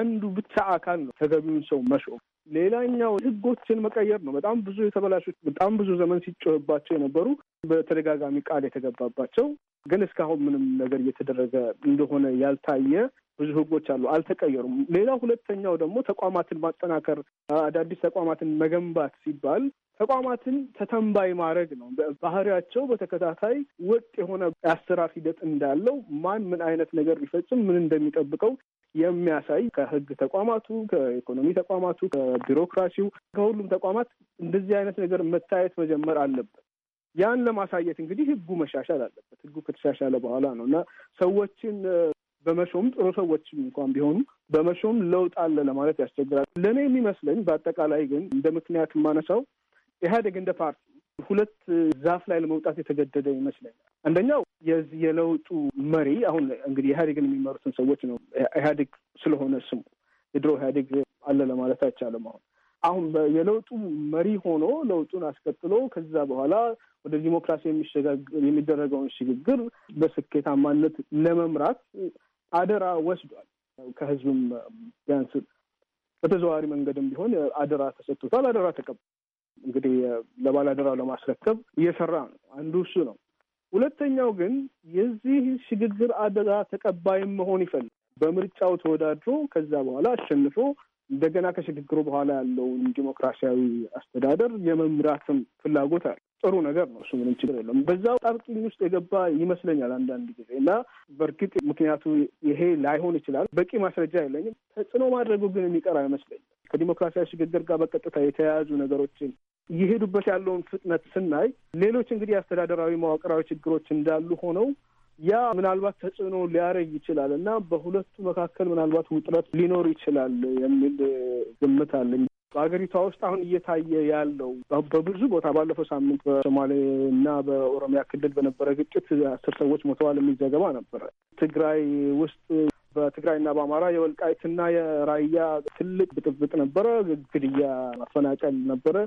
አንዱ ብቻ አካል ነው። ተገቢውን ሰው መሾም ሌላኛው ህጎችን መቀየር ነው። በጣም ብዙ የተበላሹ በጣም ብዙ ዘመን ሲጮህባቸው የነበሩ በተደጋጋሚ ቃል የተገባባቸው ግን እስካሁን ምንም ነገር እየተደረገ እንደሆነ ያልታየ ብዙ ህጎች አሉ፣ አልተቀየሩም። ሌላው ሁለተኛው ደግሞ ተቋማትን ማጠናከር አዳዲስ ተቋማትን መገንባት ሲባል ተቋማትን ተተንባይ ማድረግ ነው። ባህሪያቸው በተከታታይ ወጥ የሆነ የአሰራር ሂደት እንዳለው ማን ምን አይነት ነገር ሊፈጽም ምን እንደሚጠብቀው የሚያሳይ ከህግ ተቋማቱ፣ ከኢኮኖሚ ተቋማቱ፣ ከቢሮክራሲው፣ ከሁሉም ተቋማት እንደዚህ አይነት ነገር መታየት መጀመር አለበት። ያን ለማሳየት እንግዲህ ህጉ መሻሻል አለበት። ህጉ ከተሻሻለ በኋላ ነው እና ሰዎችን በመሾም ጥሩ ሰዎች እንኳን ቢሆኑ በመሾም ለውጥ አለ ለማለት ያስቸግራል። ለእኔ የሚመስለኝ በአጠቃላይ ግን እንደ ምክንያት የማነሳው ኢህአዴግ እንደ ፓርቲ ሁለት ዛፍ ላይ ለመውጣት የተገደደ ይመስለኛል። አንደኛው የዚህ የለውጡ መሪ አሁን እንግዲህ ኢህአዴግን የሚመሩትን ሰዎች ነው። ኢህአዴግ ስለሆነ ስሙ የድሮ ኢህአዴግ አለ ለማለት አይቻልም። አሁን አሁን የለውጡ መሪ ሆኖ ለውጡን አስቀጥሎ ከዛ በኋላ ወደ ዲሞክራሲ የሚደረገውን ሽግግር በስኬታማነት ለመምራት አደራ ወስዷል። ከህዝብም ቢያንስ በተዘዋዋሪ መንገድም ቢሆን አደራ ተሰጥቶታል። አደራ ተቀብ እንግዲህ ለባለአደራው ለማስረከብ እየሰራ ነው። አንዱ እሱ ነው። ሁለተኛው ግን የዚህ ሽግግር አደጋ ተቀባይም መሆን ይፈልጋል። በምርጫው ተወዳድሮ ከዛ በኋላ አሸንፎ እንደገና ከሽግግሩ በኋላ ያለውን ዲሞክራሲያዊ አስተዳደር የመምራትም ፍላጎት አለ። ጥሩ ነገር ነው። እሱ ምንም ችግር የለም። በዛው ጣብቅኝ ውስጥ የገባ ይመስለኛል አንዳንድ ጊዜ እና በእርግጥ ምክንያቱ ይሄ ላይሆን ይችላል። በቂ ማስረጃ የለኝም። ተጽዕኖ ማድረጉ ግን የሚቀር አይመስለኝም። ከዲሞክራሲያዊ ሽግግር ጋር በቀጥታ የተያያዙ ነገሮችን እየሄዱበት ያለውን ፍጥነት ስናይ ሌሎች እንግዲህ አስተዳደራዊ መዋቅራዊ ችግሮች እንዳሉ ሆነው ያ ምናልባት ተጽዕኖ ሊያረግ ይችላል እና በሁለቱ መካከል ምናልባት ውጥረት ሊኖር ይችላል የሚል ግምት አለኝ። በሀገሪቷ ውስጥ አሁን እየታየ ያለው በብዙ ቦታ ባለፈው ሳምንት በሶማሌ እና በኦሮሚያ ክልል በነበረ ግጭት አስር ሰዎች ሞተዋል የሚል ዘገባ ነበረ። ትግራይ ውስጥ ና በአማራ የወልቃይትና የራያ ትልቅ ብጥብጥ ነበረ። ግድያ፣ ማፈናቀል ነበረ።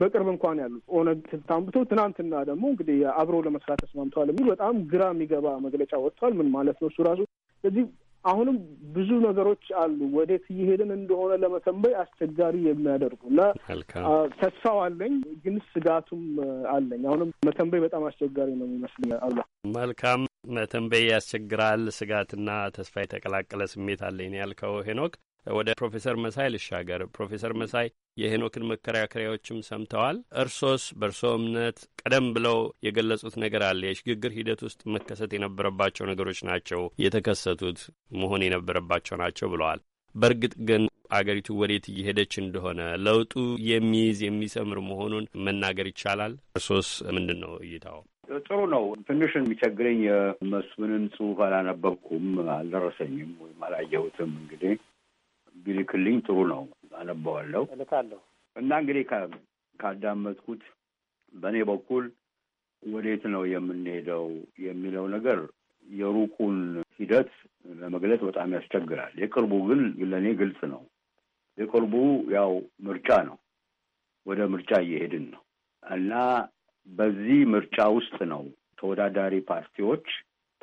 በቅርብ እንኳን ያሉት ኦነግ ስታንብቶ ትናንትና ደግሞ እንግዲህ አብሮ ለመስራት ተስማምተዋል የሚል በጣም ግራ የሚገባ መግለጫ ወጥቷል። ምን ማለት ነው እሱ ራሱ? ስለዚህ አሁንም ብዙ ነገሮች አሉ ወዴት እየሄድን እንደሆነ ለመተንበይ አስቸጋሪ የሚያደርጉ እና ተስፋው አለኝ፣ ግን ስጋቱም አለኝ። አሁንም መተንበይ በጣም አስቸጋሪ ነው የሚመስል አሉ መልካም መተንበይ ያስቸግራል። ስጋትና ተስፋ የተቀላቀለ ስሜት አለኝ ያልከው ሄኖክ ወደ ፕሮፌሰር መሳይ ልሻገር። ፕሮፌሰር መሳይ የሄኖክን መከራከሪያዎችም ሰምተዋል። እርሶስ በእርሶ እምነት ቀደም ብለው የገለጹት ነገር አለ። የሽግግር ሂደት ውስጥ መከሰት የነበረባቸው ነገሮች ናቸው የተከሰቱት፣ መሆን የነበረባቸው ናቸው ብለዋል። በእርግጥ ግን አገሪቱ ወዴት እየሄደች እንደሆነ ለውጡ የሚይዝ የሚሰምር መሆኑን መናገር ይቻላል። እርሶስ ምንድን ነው እይታው? ጥሩ ነው። ትንሽ የሚቸግረኝ የመስፍንን ጽሁፍ አላነበብኩም፣ አልደረሰኝም ወይም አላየሁትም። እንግዲህ ቢልክልኝ ጥሩ ነው። አነበዋለሁ እልካለሁ። እና እንግዲህ ካዳመጥኩት በእኔ በኩል ወዴት ነው የምንሄደው የሚለው ነገር የሩቁን ሂደት ለመግለጽ በጣም ያስቸግራል። የቅርቡ ግን ለእኔ ግልጽ ነው። የቅርቡ ያው ምርጫ ነው። ወደ ምርጫ እየሄድን ነው እና በዚህ ምርጫ ውስጥ ነው ተወዳዳሪ ፓርቲዎች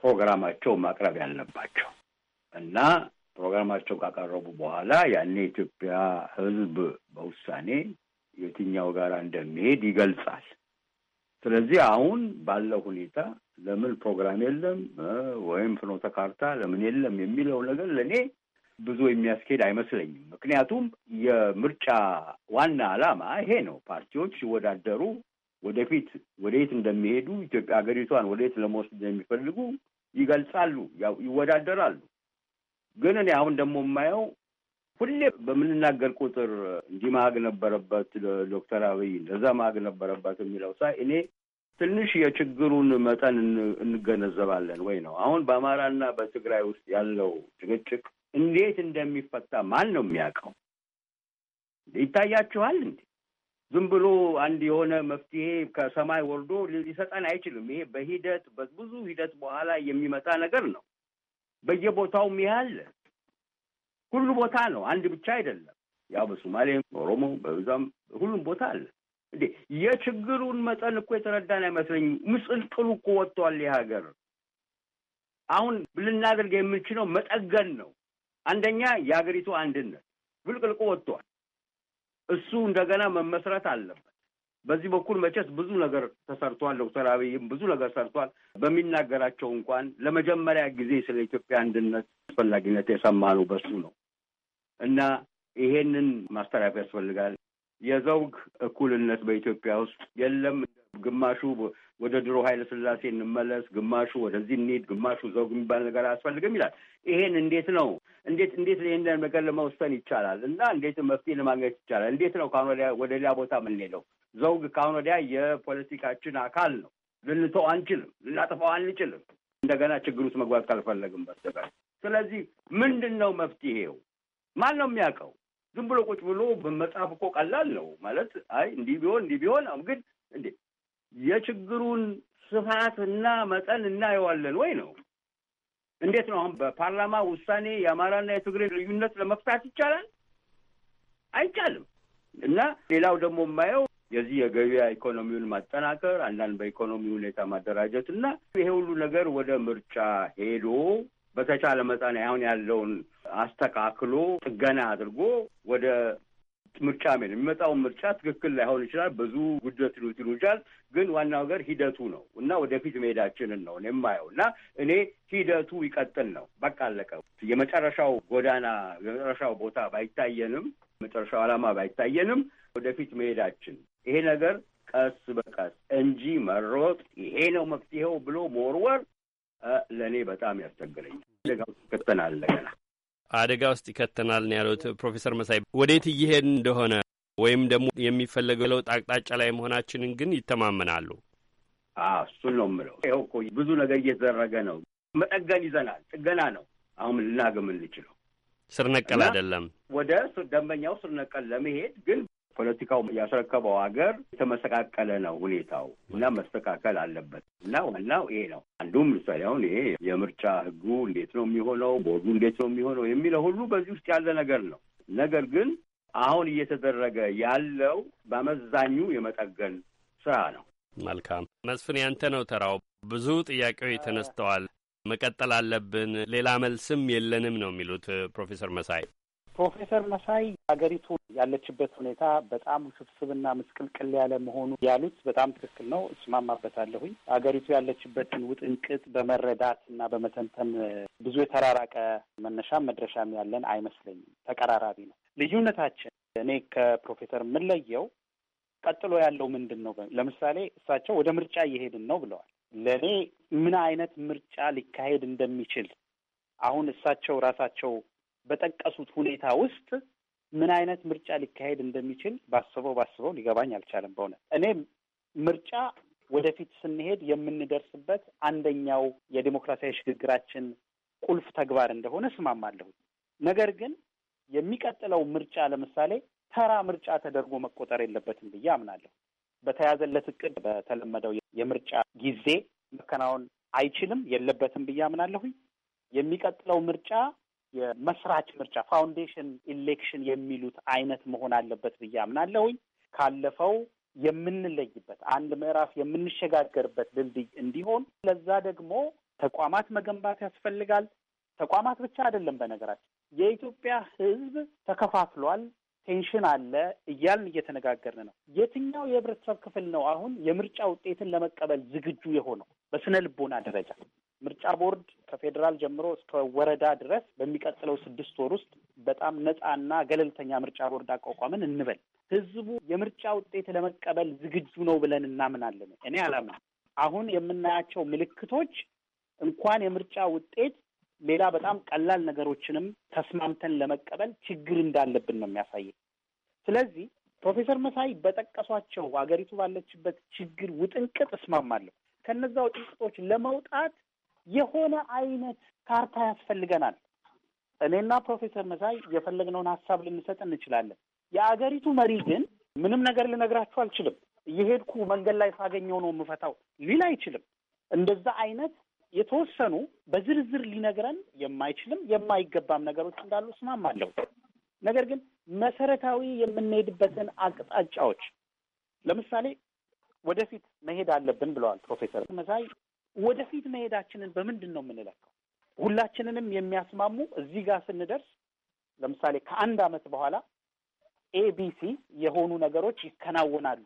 ፕሮግራማቸው ማቅረብ ያለባቸው እና ፕሮግራማቸው ካቀረቡ በኋላ ያኔ የኢትዮጵያ ሕዝብ በውሳኔ የትኛው ጋር እንደሚሄድ ይገልጻል። ስለዚህ አሁን ባለው ሁኔታ ለምን ፕሮግራም የለም ወይም ፍኖተ ካርታ ለምን የለም የሚለው ነገር ለእኔ ብዙ የሚያስኬድ አይመስለኝም። ምክንያቱም የምርጫ ዋና ዓላማ ይሄ ነው። ፓርቲዎች ሲወዳደሩ ወደፊት ወደየት እንደሚሄዱ ኢትዮጵያ ሀገሪቷን ወደየት ለመወስድ እንደሚፈልጉ ይገልጻሉ፣ ይወዳደራሉ። ግን እኔ አሁን ደግሞ የማየው ሁሌ በምንናገር ቁጥር እንዲህ ማግ ነበረበት ዶክተር አብይ እንደዛ ማግ ነበረበት የሚለው ሳይ እኔ ትንሽ የችግሩን መጠን እንገነዘባለን ወይ ነው። አሁን በአማራና በትግራይ ውስጥ ያለው ጭቅጭቅ እንዴት እንደሚፈታ ማን ነው የሚያውቀው? ይታያችኋል እንዴ? ዝም ብሎ አንድ የሆነ መፍትሄ ከሰማይ ወርዶ ሊሰጠን አይችልም። ይሄ በሂደት በብዙ ሂደት በኋላ የሚመጣ ነገር ነው። በየቦታውም ያለ ሁሉ ቦታ ነው። አንድ ብቻ አይደለም። ያው በሶማሌም በኦሮሞ በብዛም ሁሉም ቦታ አለ። እንዴ የችግሩን መጠን እኮ የተረዳን አይመስለኝም። ምስቅልቅሉ እኮ ወጥቷል። ሀገር አሁን ልናደርግ የምንችለው መጠገን ነው። አንደኛ የሀገሪቱ አንድነት ብልቅልቁ ወጥቷል። እሱ እንደገና መመስረት አለበት። በዚህ በኩል መቼስ ብዙ ነገር ተሰርቷል። ዶክተር አብይም ብዙ ነገር ሰርቷል። በሚናገራቸው እንኳን ለመጀመሪያ ጊዜ ስለ ኢትዮጵያ አንድነት አስፈላጊነት የሰማነው በሱ ነው እና ይሄንን ማስተራፍ ያስፈልጋል። የዘውግ እኩልነት በኢትዮጵያ ውስጥ የለም። ግማሹ ወደ ድሮ ኃይለ ስላሴ እንመለስ፣ ግማሹ ወደዚህ እንሂድ፣ ግማሹ ዘውግ የሚባል ነገር አያስፈልግም ይላል። ይሄን እንዴት ነው እንዴት እንዴት ይህንን ነገር ለመወሰን ይቻላል? እና እንዴት መፍትሄ ለማግኘት ይቻላል? እንዴት ነው ከአሁን ወደ ሌላ ቦታ የምንሄደው? ዘውግ ካሁን ወዲያ የፖለቲካችን አካል ነው። ልንተው አንችልም፣ ልናጠፋው አንችልም። እንደገና ችግር ውስጥ መግባት ካልፈለግም በስተቀር ስለዚህ ምንድን ነው መፍትሄው? ማን ነው የሚያውቀው? ዝም ብሎ ቁጭ ብሎ መጽሐፍ እኮ ቀላል ነው ማለት አይ እንዲህ ቢሆን እንዲህ ቢሆን ግን እንዴ የችግሩን እና መጠን እናየዋለን ወይ ነው? እንዴት ነው አሁን በፓርላማ ውሳኔ የአማራና የትግሬ ልዩነት ለመፍታት ይቻላል? አይቻልም። እና ሌላው ደግሞ የማየው የዚህ የገበያ ኢኮኖሚውን ማጠናከር፣ አንዳንድ በኢኮኖሚ ሁኔታ ማደራጀት እና ይሄ ሁሉ ነገር ወደ ምርጫ ሄዶ በተቻለ መጠን አሁን ያለውን አስተካክሎ ጥገና አድርጎ ወደ ምርጫ ሜል የሚመጣውን ምርጫ ትክክል ላይሆን ይችላል። ብዙ ጉደት ሉት ይሉጃል። ግን ዋናው ነገር ሂደቱ ነው እና ወደፊት መሄዳችንን ነው የማየው እና እኔ ሂደቱ ይቀጥል ነው። በቃ አለቀ። የመጨረሻው ጎዳና የመጨረሻው ቦታ ባይታየንም፣ መጨረሻው ዓላማ ባይታየንም ወደፊት መሄዳችን ይሄ ነገር ቀስ በቀስ እንጂ መሮጥ ይሄ ነው መፍትሄው ብሎ መወርወር ለእኔ በጣም ያስቸግረኛል። አደጋ ውስጥ ይከተናል ገና አደጋ ውስጥ ይከተናል ነው ያሉት ፕሮፌሰር መሳይ። ወዴት እየሄድ እንደሆነ ወይም ደግሞ የሚፈለገው ለውጥ አቅጣጫ ላይ መሆናችንን ግን ይተማመናሉ። እሱን ነው የምለው። ይኸው እኮ ብዙ ነገር እየተደረገ ነው። መጠገን ይዘናል። ጥገና ነው አሁን ልናገም የምንችለው ስር ነቀል አይደለም። ወደ ደንበኛው ስር ነቀል ለመሄድ ግን ፖለቲካው ያስረከበው ሀገር የተመሰቃቀለ ነው ሁኔታው እና መስተካከል አለበት እና ዋናው ይሄ ነው። አንዱም ምሳሌ አሁን ይሄ የምርጫ ህጉ እንዴት ነው የሚሆነው፣ ቦርዱ እንዴት ነው የሚሆነው የሚለው ሁሉ በዚህ ውስጥ ያለ ነገር ነው። ነገር ግን አሁን እየተደረገ ያለው በአመዛኙ የመጠገን ስራ ነው። መልካም መስፍን፣ ያንተ ነው ተራው። ብዙ ጥያቄዎች ተነስተዋል። መቀጠል አለብን፣ ሌላ መልስም የለንም ነው የሚሉት ፕሮፌሰር መሳይ ፕሮፌሰር መሳይ ሀገሪቱ ያለችበት ሁኔታ በጣም ውስብስብና ምስቅልቅል ያለ መሆኑ ያሉት በጣም ትክክል ነው፣ እስማማበታለሁኝ። ሀገሪቱ ያለችበትን ውጥንቅጥ በመረዳት እና በመተንተን ብዙ የተራራቀ መነሻም መድረሻም ያለን አይመስለኝም። ተቀራራቢ ነው ልዩነታችን። እኔ ከፕሮፌሰር የምለየው ቀጥሎ ያለው ምንድን ነው? ለምሳሌ እሳቸው ወደ ምርጫ እየሄድን ነው ብለዋል። ለእኔ ምን አይነት ምርጫ ሊካሄድ እንደሚችል አሁን እሳቸው ራሳቸው በጠቀሱት ሁኔታ ውስጥ ምን አይነት ምርጫ ሊካሄድ እንደሚችል ባስበው ባስበው ሊገባኝ አልቻለም። በእውነት እኔ ምርጫ ወደፊት ስንሄድ የምንደርስበት አንደኛው የዲሞክራሲያዊ ሽግግራችን ቁልፍ ተግባር እንደሆነ እስማማለሁ። ነገር ግን የሚቀጥለው ምርጫ ለምሳሌ ተራ ምርጫ ተደርጎ መቆጠር የለበትም ብዬ አምናለሁ። በተያዘለት እቅድ በተለመደው የምርጫ ጊዜ መከናወን አይችልም የለበትም ብዬ አምናለሁኝ። የሚቀጥለው ምርጫ የመስራች ምርጫ ፋውንዴሽን ኢሌክሽን የሚሉት አይነት መሆን አለበት ብዬ አምናለሁኝ። ካለፈው የምንለይበት አንድ ምዕራፍ የምንሸጋገርበት ድልድይ እንዲሆን ለዛ ደግሞ ተቋማት መገንባት ያስፈልጋል። ተቋማት ብቻ አይደለም። በነገራችን የኢትዮጵያ ሕዝብ ተከፋፍሏል፣ ቴንሽን አለ እያልን እየተነጋገርን ነው። የትኛው የህብረተሰብ ክፍል ነው አሁን የምርጫ ውጤትን ለመቀበል ዝግጁ የሆነው? በስነ ልቦና ደረጃ ምርጫ ቦርድ ከፌዴራል ጀምሮ እስከ ወረዳ ድረስ በሚቀጥለው ስድስት ወር ውስጥ በጣም ነፃና ገለልተኛ ምርጫ ቦርድ አቋቋምን እንበል። ህዝቡ የምርጫ ውጤት ለመቀበል ዝግጁ ነው ብለን እናምናለን። እኔ አላምና አሁን የምናያቸው ምልክቶች እንኳን የምርጫ ውጤት ሌላ በጣም ቀላል ነገሮችንም ተስማምተን ለመቀበል ችግር እንዳለብን ነው የሚያሳየው። ስለዚህ ፕሮፌሰር መሳይ በጠቀሷቸው ሀገሪቱ ባለችበት ችግር ውጥንቅጥ እስማማለሁ። ከነዛ ውጥንቅጦች ለመውጣት የሆነ አይነት ካርታ ያስፈልገናል። እኔና ፕሮፌሰር መሳይ የፈለግነውን ሀሳብ ልንሰጥ እንችላለን። የአገሪቱ መሪ ግን ምንም ነገር ልነግራችሁ አልችልም፣ እየሄድኩ መንገድ ላይ ሳገኘው ነው የምፈታው ሊል አይችልም። እንደዛ አይነት የተወሰኑ በዝርዝር ሊነግረን የማይችልም የማይገባም ነገሮች እንዳሉ እስማማለሁ። ነገር ግን መሰረታዊ የምንሄድበትን አቅጣጫዎች ለምሳሌ ወደፊት መሄድ አለብን ብለዋል ፕሮፌሰር መሳይ። ወደፊት መሄዳችንን በምንድን ነው የምንለካው? ሁላችንንም የሚያስማሙ እዚህ ጋር ስንደርስ ለምሳሌ ከአንድ ዓመት በኋላ ኤቢሲ የሆኑ ነገሮች ይከናወናሉ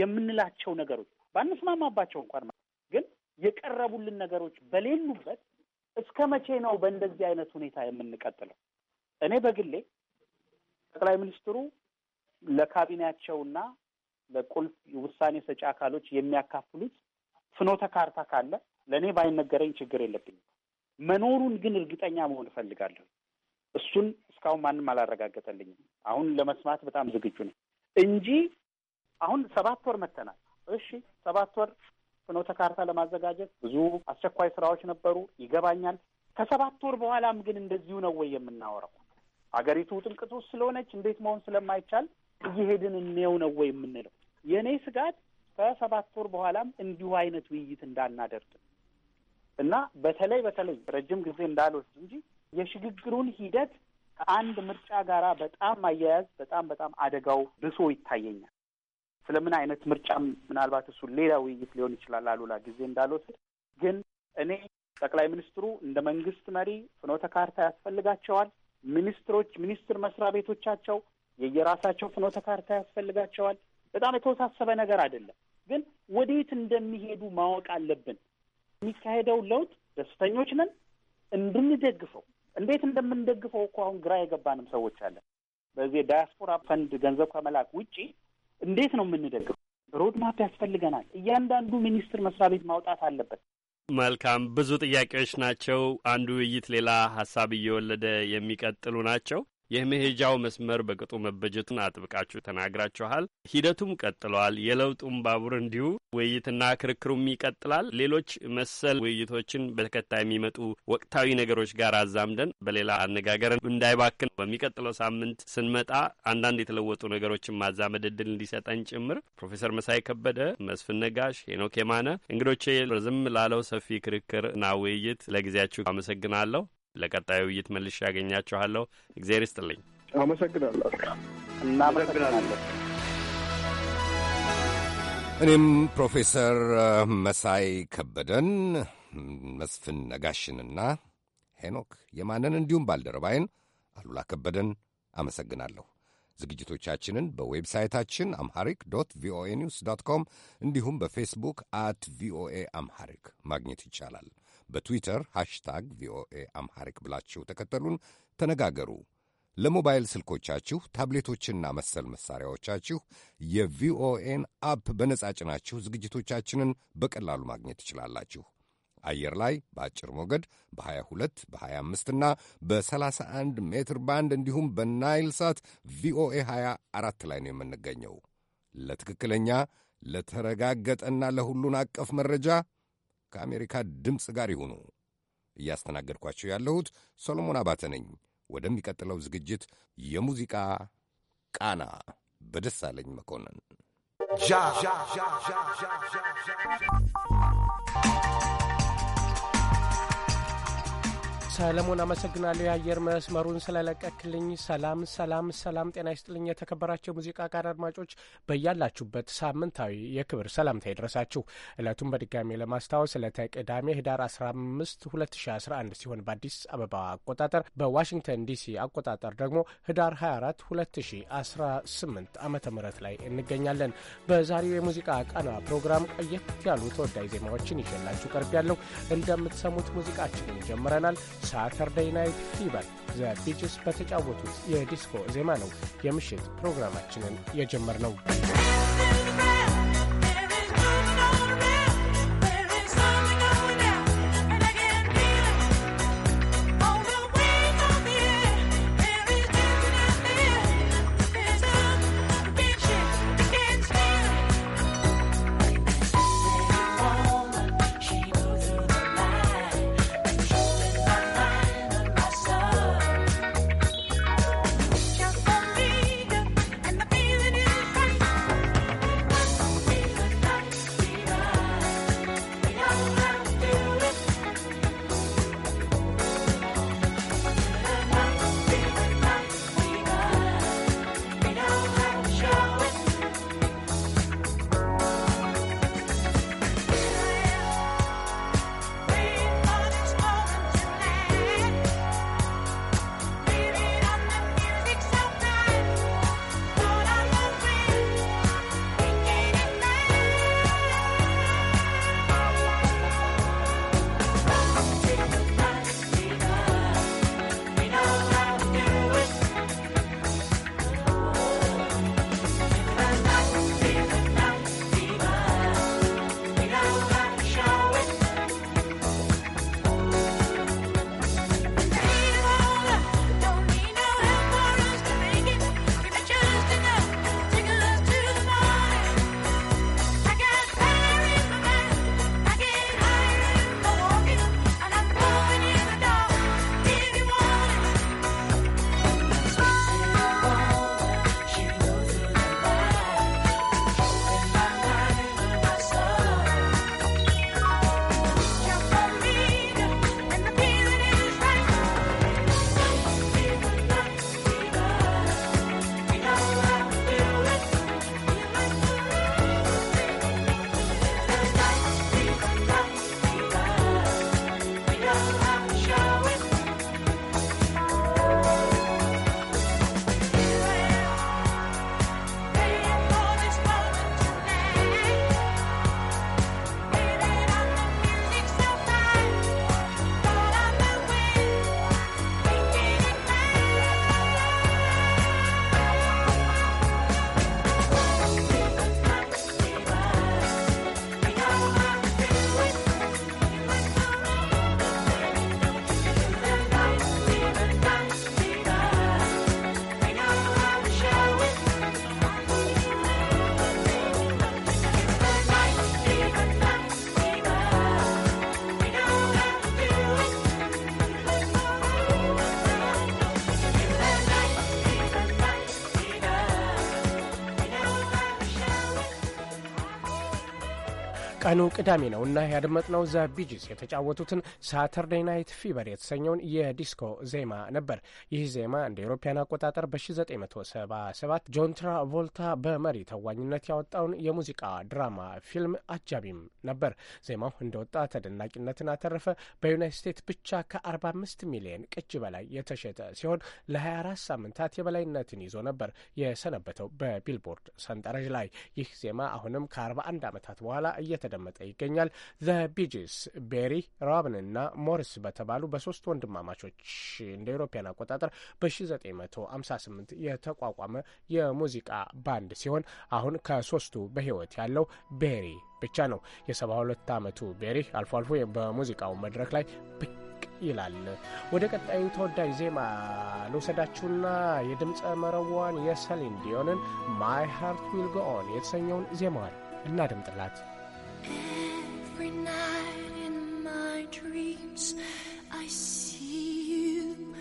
የምንላቸው ነገሮች ባንስማማባቸው እንኳን ግን የቀረቡልን ነገሮች በሌሉበት እስከ መቼ ነው በእንደዚህ አይነት ሁኔታ የምንቀጥለው? እኔ በግሌ ጠቅላይ ሚኒስትሩ ለካቢኔያቸውና ለቁልፍ ውሳኔ ሰጪ አካሎች የሚያካፍሉት ፍኖተ ካርታ ካለ ለእኔ ባይነገረኝ ችግር የለብኝም። መኖሩን ግን እርግጠኛ መሆን እፈልጋለሁ። እሱን እስካሁን ማንም አላረጋገጠልኝም። አሁን ለመስማት በጣም ዝግጁ ነኝ እንጂ አሁን ሰባት ወር መተናል። እሺ ሰባት ወር ፍኖተ ካርታ ለማዘጋጀት ብዙ አስቸኳይ ስራዎች ነበሩ፣ ይገባኛል። ከሰባት ወር በኋላም ግን እንደዚሁ ነው ወይ የምናወራው? አገሪቱ ጥንቅት ውስጥ ስለሆነች እንዴት መሆን ስለማይቻል እየሄድን እንየው ነው ወይ የምንለው? የእኔ ስጋት ከሰባት ወር በኋላም እንዲሁ አይነት ውይይት እንዳናደርግ እና በተለይ በተለይ ረጅም ጊዜ እንዳልወስድ እንጂ የሽግግሩን ሂደት ከአንድ ምርጫ ጋራ በጣም አያያዝ በጣም በጣም አደጋው ብሶ ይታየኛል። ስለምን አይነት ምርጫም ምናልባት እሱ ሌላ ውይይት ሊሆን ይችላል። አሉላ ጊዜ እንዳልወስድ ግን እኔ ጠቅላይ ሚኒስትሩ እንደ መንግስት መሪ ፍኖተ ካርታ ያስፈልጋቸዋል። ሚኒስትሮች፣ ሚኒስትር መስሪያ ቤቶቻቸው የየራሳቸው ፍኖተ ካርታ ያስፈልጋቸዋል። በጣም የተወሳሰበ ነገር አይደለም፣ ግን ወዴት እንደሚሄዱ ማወቅ አለብን። የሚካሄደው ለውጥ ደስተኞች ነን እንድንደግፈው እንዴት እንደምንደግፈው እኮ አሁን ግራ የገባንም ሰዎች አለን። በዚህ ዳያስፖራ ፈንድ ገንዘብ ከመላክ ውጪ እንዴት ነው የምንደግፈው? ሮድማፕ ያስፈልገናል። እያንዳንዱ ሚኒስትር መስሪያ ቤት ማውጣት አለበት። መልካም። ብዙ ጥያቄዎች ናቸው። አንዱ ውይይት ሌላ ሀሳብ እየወለደ የሚቀጥሉ ናቸው። የመሄጃው መስመር በቅጡ መበጀቱን አጥብቃችሁ ተናግራችኋል። ሂደቱም ቀጥሏል። የለውጡም ባቡር እንዲሁ ውይይትና ክርክሩም ይቀጥላል። ሌሎች መሰል ውይይቶችን በተከታይ የሚመጡ ወቅታዊ ነገሮች ጋር አዛምደን በሌላ አነጋገርን እንዳይባክን በሚቀጥለው ሳምንት ስንመጣ አንዳንድ የተለወጡ ነገሮችን ማዛመድ እድል እንዲሰጠን ጭምር ፕሮፌሰር መሳይ ከበደ፣ መስፍን ነጋሽ፣ ሄኖክ የማነ እንግዶቼ ረዝም ላለው ሰፊ ክርክርና ውይይት ለጊዜያችሁ አመሰግናለሁ። ለቀጣዩ ውይይት መልሼ ያገኛችኋለሁ። እግዜር ይስጥልኝ። አመሰግናለሁ። እኔም ፕሮፌሰር መሳይ ከበደን መስፍን ነጋሽንና ሄኖክ የማንን እንዲሁም ባልደረባይን አሉላ ከበደን አመሰግናለሁ። ዝግጅቶቻችንን በዌብሳይታችን አምሐሪክ ዶት ቪኦኤ ኒውስ ዶት ኮም እንዲሁም በፌስቡክ አት ቪኦኤ አምሐሪክ ማግኘት ይቻላል። በትዊተር ሃሽታግ ቪኦኤ አምሐሪክ ብላችሁ ተከተሉን፣ ተነጋገሩ። ለሞባይል ስልኮቻችሁ ታብሌቶችና መሰል መሳሪያዎቻችሁ የቪኦኤን አፕ በነጻ ጭናችሁ ዝግጅቶቻችንን በቀላሉ ማግኘት ትችላላችሁ። አየር ላይ በአጭር ሞገድ በ22 በ25 እና በ31 ሜትር ባንድ እንዲሁም በናይል ሳት ቪኦኤ 24 ላይ ነው የምንገኘው። ለትክክለኛ ለተረጋገጠና ለሁሉን አቀፍ መረጃ ከአሜሪካ ድምፅ ጋር ይሁኑ። እያስተናገድኳቸው ያለሁት ሰሎሞን አባተ ነኝ። ወደሚቀጥለው ዝግጅት የሙዚቃ ቃና በደሳለኝ መኮንን ሰለሞን አመሰግናለሁ የአየር መስመሩን ስለለቀክልኝ። ሰላም ሰላም ሰላም፣ ጤና ይስጥልኝ። የተከበራቸው የሙዚቃ ቃና አድማጮች በያላችሁበት ሳምንታዊ የክብር ሰላምታ ይድረሳችሁ። እለቱን በድጋሚ ለማስታወስ ዕለተ ቅዳሜ ህዳር 15 2011 ሲሆን በአዲስ አበባ አቆጣጠር፣ በዋሽንግተን ዲሲ አቆጣጠር ደግሞ ህዳር 24 2018 ዓ ም ላይ እንገኛለን። በዛሬው የሙዚቃ ቃና ፕሮግራም ቀየት ያሉ ተወዳጅ ዜማዎችን ይዤላችሁ ቀርብ እንደምትሰሙት ሙዚቃችንን ጀምረናል። ሳተርዴይ ናይት ፊቨር ዘ ቢጅስ በተጫወቱት የዲስኮ ዜማ ነው የምሽት ፕሮግራማችንን የጀመር ነው። ቀኑ ቅዳሜ ነው እና ያደመጥነው ዘ ቢጂስ የተጫወቱትን ሳተርዴ ናይት ፊቨር የተሰኘውን የዲስኮ ዜማ ነበር። ይህ ዜማ እንደ ኤሮፓያን አቆጣጠር በ1977 ጆን ትራቮልታ በመሪ ተዋኝነት ያወጣውን የሙዚቃ ድራማ ፊልም አጃቢም ነበር። ዜማው እንደወጣ ተደናቂነትን አተረፈ። በዩናይት ስቴትስ ብቻ ከ45 ሚሊዮን ቅጅ በላይ የተሸጠ ሲሆን ለ24 ሳምንታት የበላይነትን ይዞ ነበር የሰነበተው በቢልቦርድ ሰንጠረዥ ላይ። ይህ ዜማ አሁንም ከ41 ዓመታት በኋላ እየተደ እየተደመጠ ይገኛል። ዘ ቢጂስ ቤሪ ሮቢንና ሞሪስ በተባሉ በሶስት ወንድማማቾች እንደ ኤሮፓያን አቆጣጠር በ1958 የተቋቋመ የሙዚቃ ባንድ ሲሆን አሁን ከሶስቱ በህይወት ያለው ቤሪ ብቻ ነው። የ72 ዓመቱ ቤሪ አልፎ አልፎ በሙዚቃው መድረክ ላይ ብቅ ይላል። ወደ ቀጣዩ ተወዳጅ ዜማ ልውሰዳችሁና የድምፀ መረቧን የሰሊን ዲዮንን ማይ ሃርት ዊል ጎ ኦን የተሰኘውን ዜማዋን እናድምጥላት። Every night in my dreams, I see you,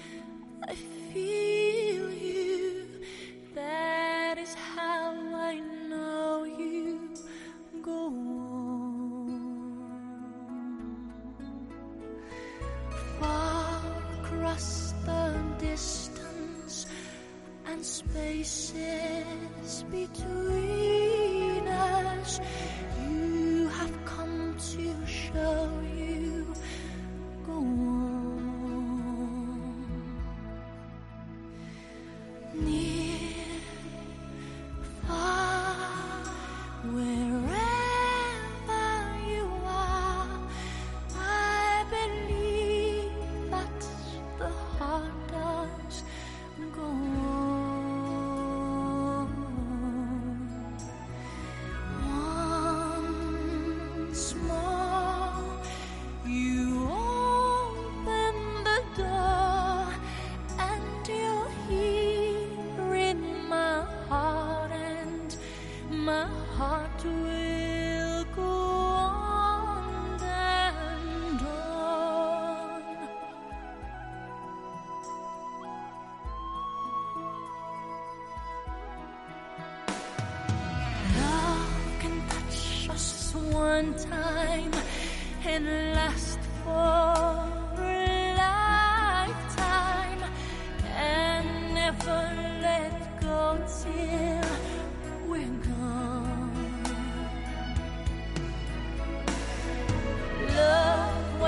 I feel you. That is how I know you go on. Far across the distance and spaces between us show.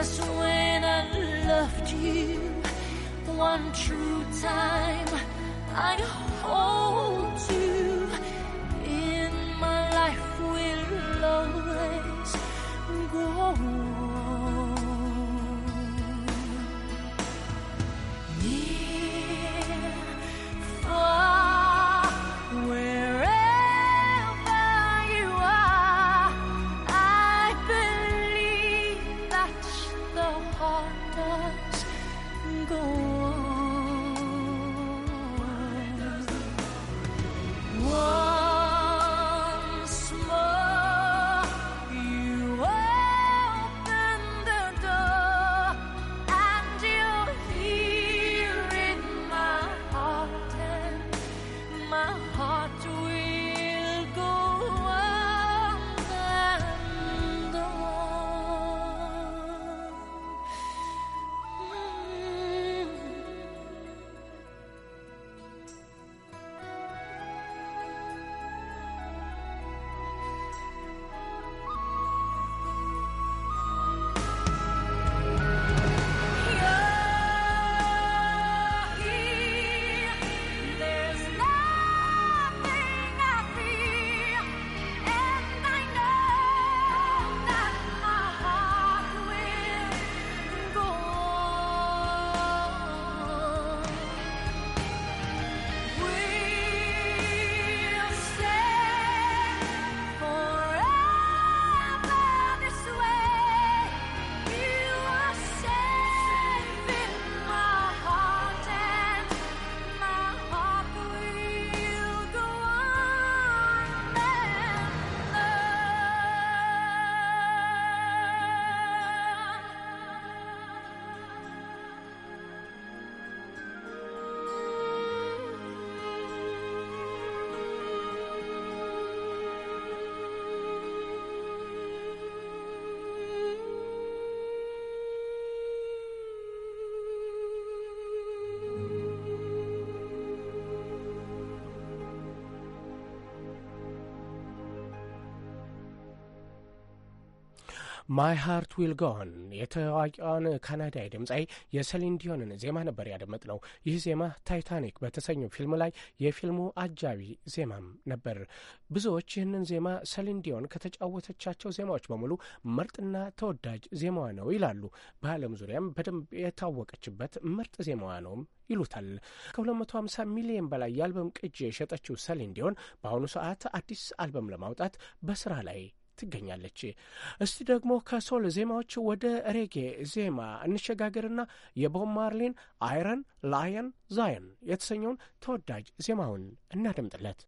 was when I loved you. One true time i hold you. In my life will always go ማይ ሃርት ዊል ጎን የታዋቂዋን ካናዳዊ ድምፃዊ የሰሊን ዲዮንን ዜማ ነበር ያደመጥ ነው። ይህ ዜማ ታይታኒክ በተሰኘው ፊልም ላይ የፊልሙ አጃቢ ዜማም ነበር። ብዙዎች ይህንን ዜማ ሰሊን ዲዮን ከተጫወተቻቸው ዜማዎች በሙሉ ምርጥና ተወዳጅ ዜማዋ ነው ይላሉ። በዓለም ዙሪያም በደንብ የታወቀችበት ምርጥ ዜማዋ ነውም ይሉታል። ከ250 ሚሊዮን በላይ የአልበም ቅጂ የሸጠችው ሰሊን ዲዮን በአሁኑ ሰዓት አዲስ አልበም ለማውጣት በስራ ላይ ትገኛለች። እስቲ ደግሞ ከሶል ዜማዎች ወደ ሬጌ ዜማ እንሸጋገርና የቦብ ማርሊን አይረን ላየን ዛየን የተሰኘውን ተወዳጅ ዜማውን እናደምጥለት።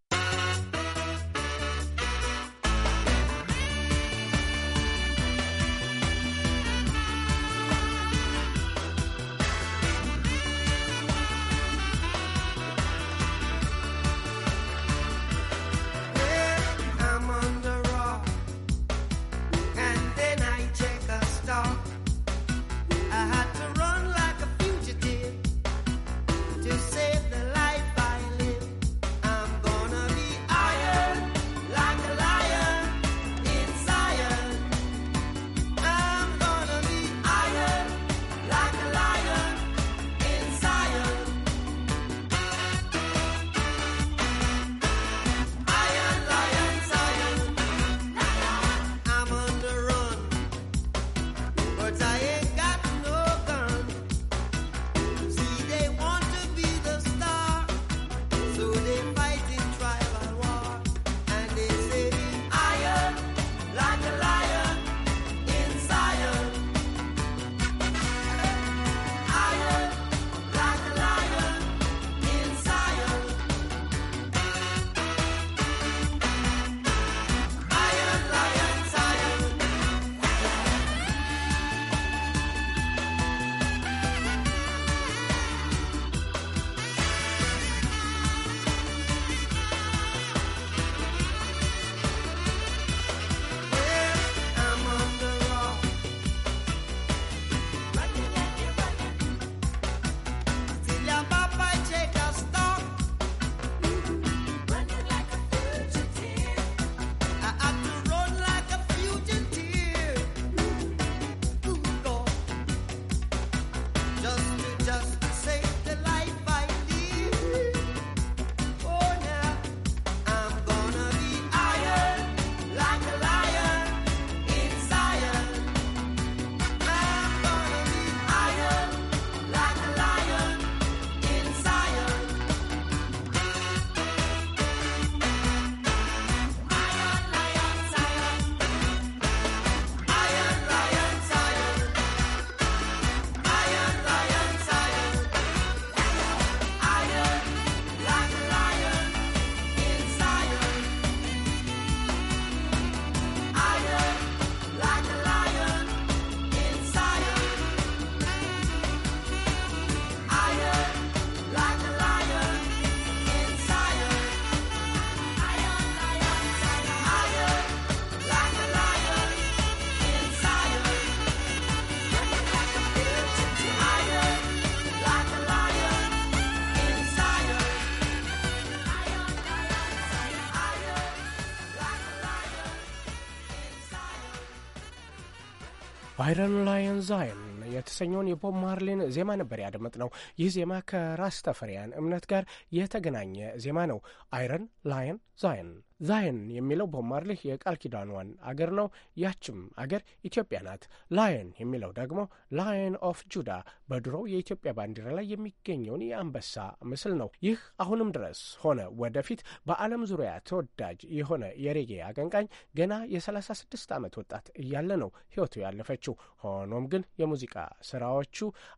ቫይረል ላየን ዛይን የተሰኘውን የቦብ ማርሊን ዜማ ነበር ያደመጥ ነው። ይህ ዜማ ከራስተፈሪያን እምነት ጋር የተገናኘ ዜማ ነው። አይረን ላየን ዛይን ዛይን የሚለው ቦብ ማርሊህ የቃል ኪዳኗን አገር ነው። ያችም አገር ኢትዮጵያ ናት። ላየን የሚለው ደግሞ ላየን ኦፍ ጁዳ በድሮው የኢትዮጵያ ባንዲራ ላይ የሚገኘውን የአንበሳ ምስል ነው። ይህ አሁንም ድረስ ሆነ ወደፊት በዓለም ዙሪያ ተወዳጅ የሆነ የሬጌ አቀንቃኝ ገና የ36 ዓመት ወጣት እያለ ነው ሕይወቱ ያለፈችው። ሆኖም ግን የሙዚቃ ስራዎቹ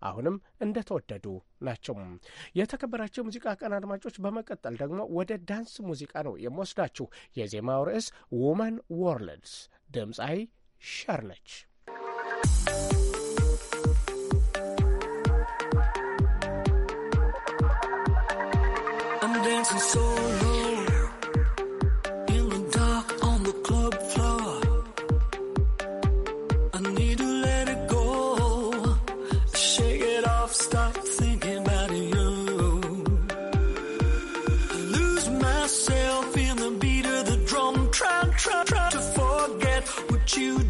አሁንም እንደተወደዱ ናቸው። የተከበራቸው የሙዚቃ ቀን አድማጮች፣ በመቀጠል ደግሞ ወደ ዳንስ ሙዚቃ ነው የምወስዳችሁ። የዜማው ርዕስ ውመን ወርልድስ ድምፃዊ ሸር ነች። you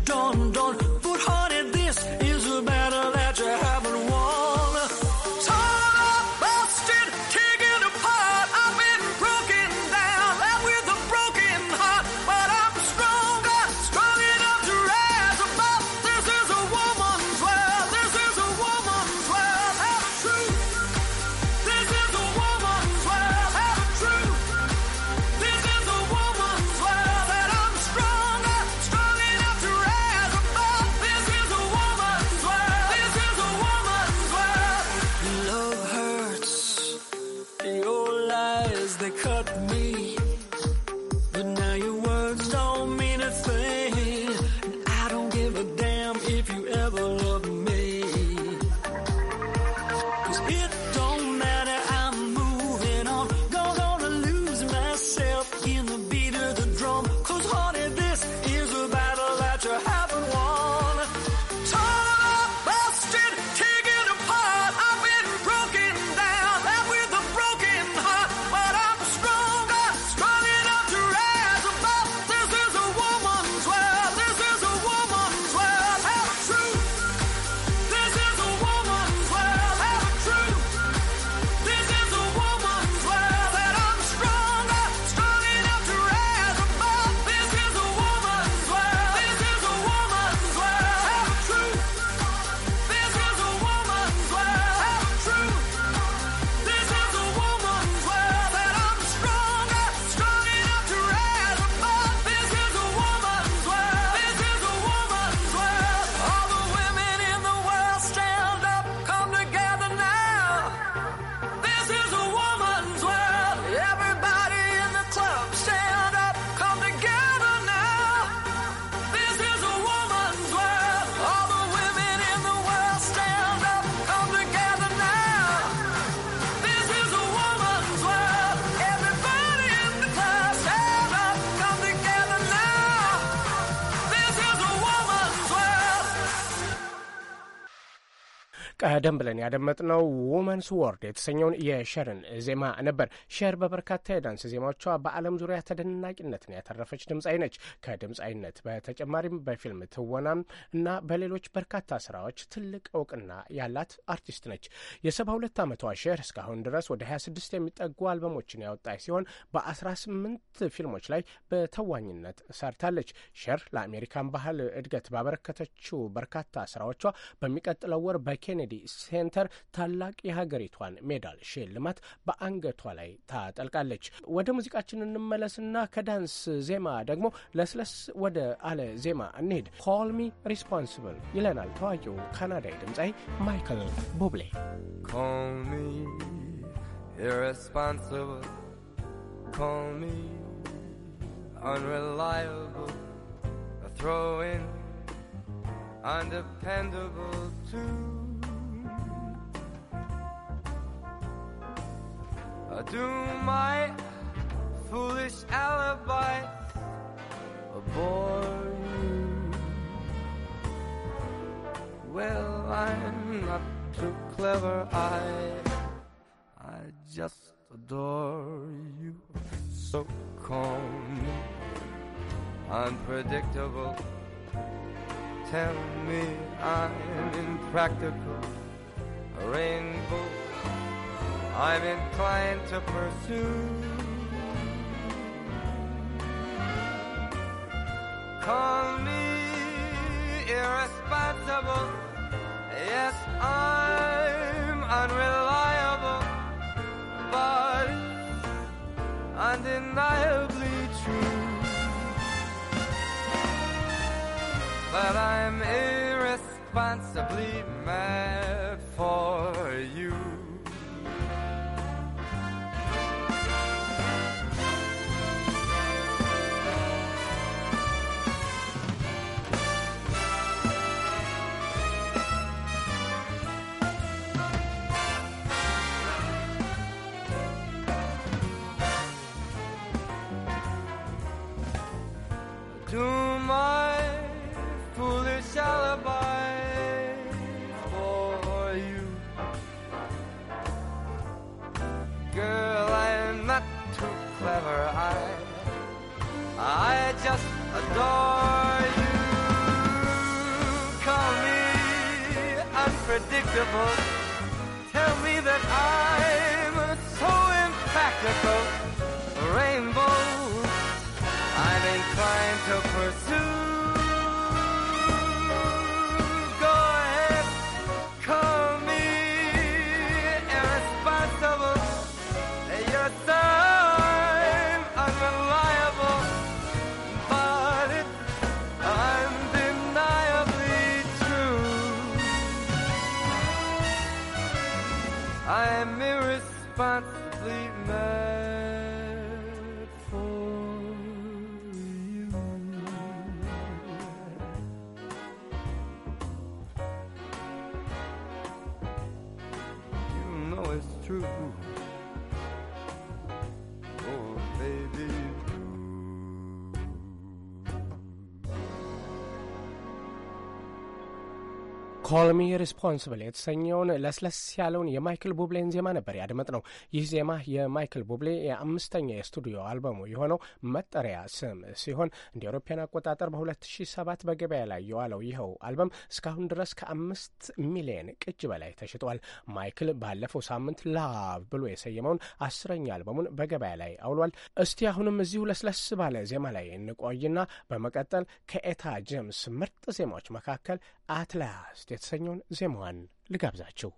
ቀደም ብለን ያደመጥነው ውመንስ ወርድ የተሰኘውን የሸርን ዜማ ነበር። ሸር በበርካታ የዳንስ ዜማዎቿ በዓለም ዙሪያ ተደናቂነትን ያተረፈች ድምፃዊ ነች። ከድምፃዊነት በተጨማሪም በፊልም ትወናም እና በሌሎች በርካታ ስራዎች ትልቅ እውቅና ያላት አርቲስት ነች። የሰባ ሁለት ዓመቷ ሸር እስካሁን ድረስ ወደ 26 የሚጠጉ አልበሞችን ያወጣች ሲሆን በ18 ፊልሞች ላይ በተዋኝነት ሰርታለች። ሸር ለአሜሪካን ባህል እድገት ባበረከተችው በርካታ ስራዎቿ በሚቀጥለው ወር በኬኔዲ ሴንተር ታላቅ የሀገሪቷን ሜዳል ሽልማት በአንገቷ ላይ ታጠልቃለች። ወደ ሙዚቃችን እንመለስና ከዳንስ ዜማ ደግሞ ለስለስ ወደ አለ ዜማ እንሄድ። ኮል ሚ ሪስፖንስብል ይለናል ታዋቂው ካናዳዊ ድምፃዊ ማይክል ቦብሌ unreliable, a throw in, undependable too. I do my foolish alibi I bore you Well, I'm not too clever I I just adore you So calm Unpredictable Tell me I'm impractical A rainbow I'm inclined to pursue. Call me irresponsible. Yes, I'm unreliable, but undeniably true. But I'm irresponsibly mad for. predictable. Tell me that I'm so impractical. Rainbow, I'm inclined to pursue. I'm irresponsibly mad. ኮልሚ ሪስፖንስብል የተሰኘውን ለስለስ ያለውን የማይክል ቡብሌን ዜማ ነበር ያድመጥ ነው። ይህ ዜማ የማይክል ቡብሌ የአምስተኛ የስቱዲዮ አልበሙ የሆነው መጠሪያ ስም ሲሆን እንደ አውሮፓውያን አቆጣጠር በ2007 በገበያ ላይ የዋለው ይኸው አልበም እስካሁን ድረስ ከአምስት ሚሊየን ቅጅ በላይ ተሽጧል። ማይክል ባለፈው ሳምንት ላቭ ብሎ የሰየመውን አስረኛ አልበሙን በገበያ ላይ አውሏል። እስቲ አሁንም እዚሁ ለስለስ ባለ ዜማ ላይ እንቆይና በመቀጠል ከኤታ ጄምስ ምርጥ ዜማዎች መካከል አትላስት የተሰኘውን ዜማዋን ልጋብዛችሁ።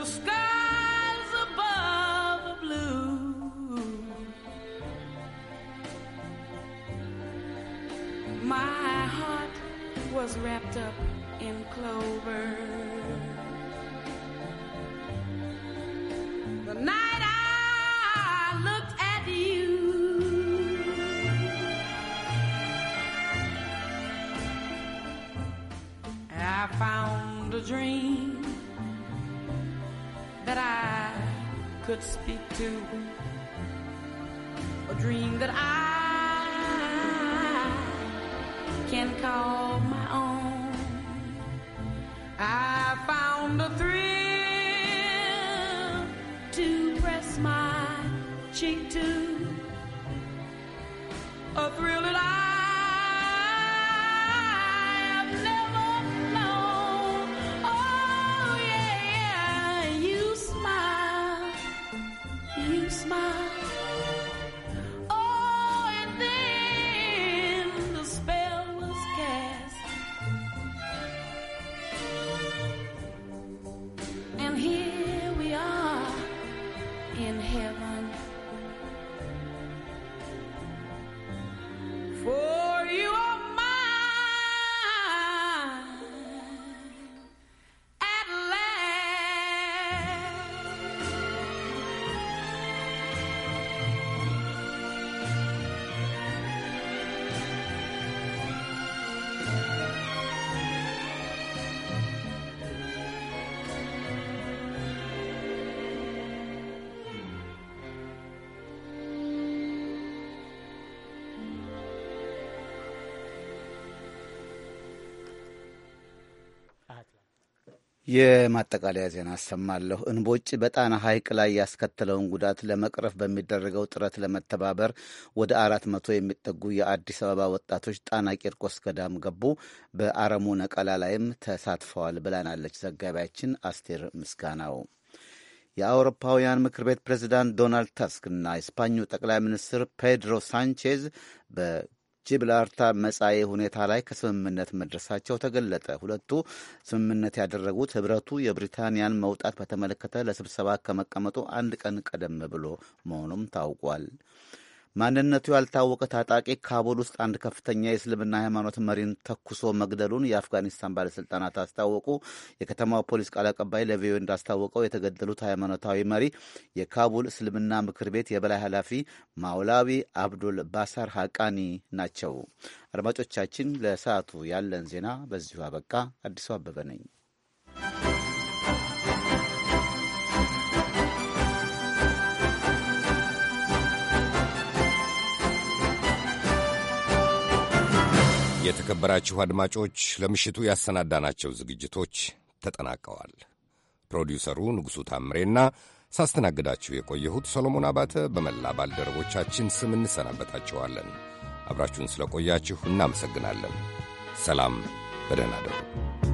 The skies above are blue. My heart was wrapped up in clover. could speak to, a dream that I የማጠቃለያ ዜና አሰማለሁ። እንቦጭ በጣና ሐይቅ ላይ ያስከተለውን ጉዳት ለመቅረፍ በሚደረገው ጥረት ለመተባበር ወደ አራት መቶ የሚጠጉ የአዲስ አበባ ወጣቶች ጣና ቂርቆስ ገዳም ገቡ። በአረሙ ነቀላ ላይም ተሳትፈዋል ብላናለች ዘጋቢያችን አስቴር ምስጋናው። የአውሮፓውያን ምክር ቤት ፕሬዚዳንት ዶናልድ ተስክ እና የስፓኙ ጠቅላይ ሚኒስትር ፔድሮ ሳንቼዝ ብላርታ መጻኤ ሁኔታ ላይ ከስምምነት መድረሳቸው ተገለጠ። ሁለቱ ስምምነት ያደረጉት ህብረቱ የብሪታንያን መውጣት በተመለከተ ለስብሰባ ከመቀመጡ አንድ ቀን ቀደም ብሎ መሆኑም ታውቋል። ማንነቱ ያልታወቀ ታጣቂ ካቡል ውስጥ አንድ ከፍተኛ የእስልምና ሃይማኖት መሪን ተኩሶ መግደሉን የአፍጋኒስታን ባለስልጣናት አስታወቁ። የከተማው ፖሊስ ቃል አቀባይ ለቪኦኤ እንዳስታወቀው የተገደሉት ሃይማኖታዊ መሪ የካቡል እስልምና ምክር ቤት የበላይ ኃላፊ ማውላዊ አብዱል ባሳር ሀቃኒ ናቸው። አድማጮቻችን፣ ለሰዓቱ ያለን ዜና በዚሁ አበቃ። አዲሱ አበበ ነኝ። የተከበራችሁ አድማጮች ለምሽቱ ያሰናዳናቸው ዝግጅቶች ተጠናቀዋል። ፕሮዲውሰሩ ንጉሡ ታምሬና ሳስተናግዳችሁ የቆየሁት ሰሎሞን አባተ በመላ ባልደረቦቻችን ስም እንሰናበታችኋለን። አብራችሁን ስለ ቆያችሁ እናመሰግናለን። ሰላም፣ በደህና እደሩ።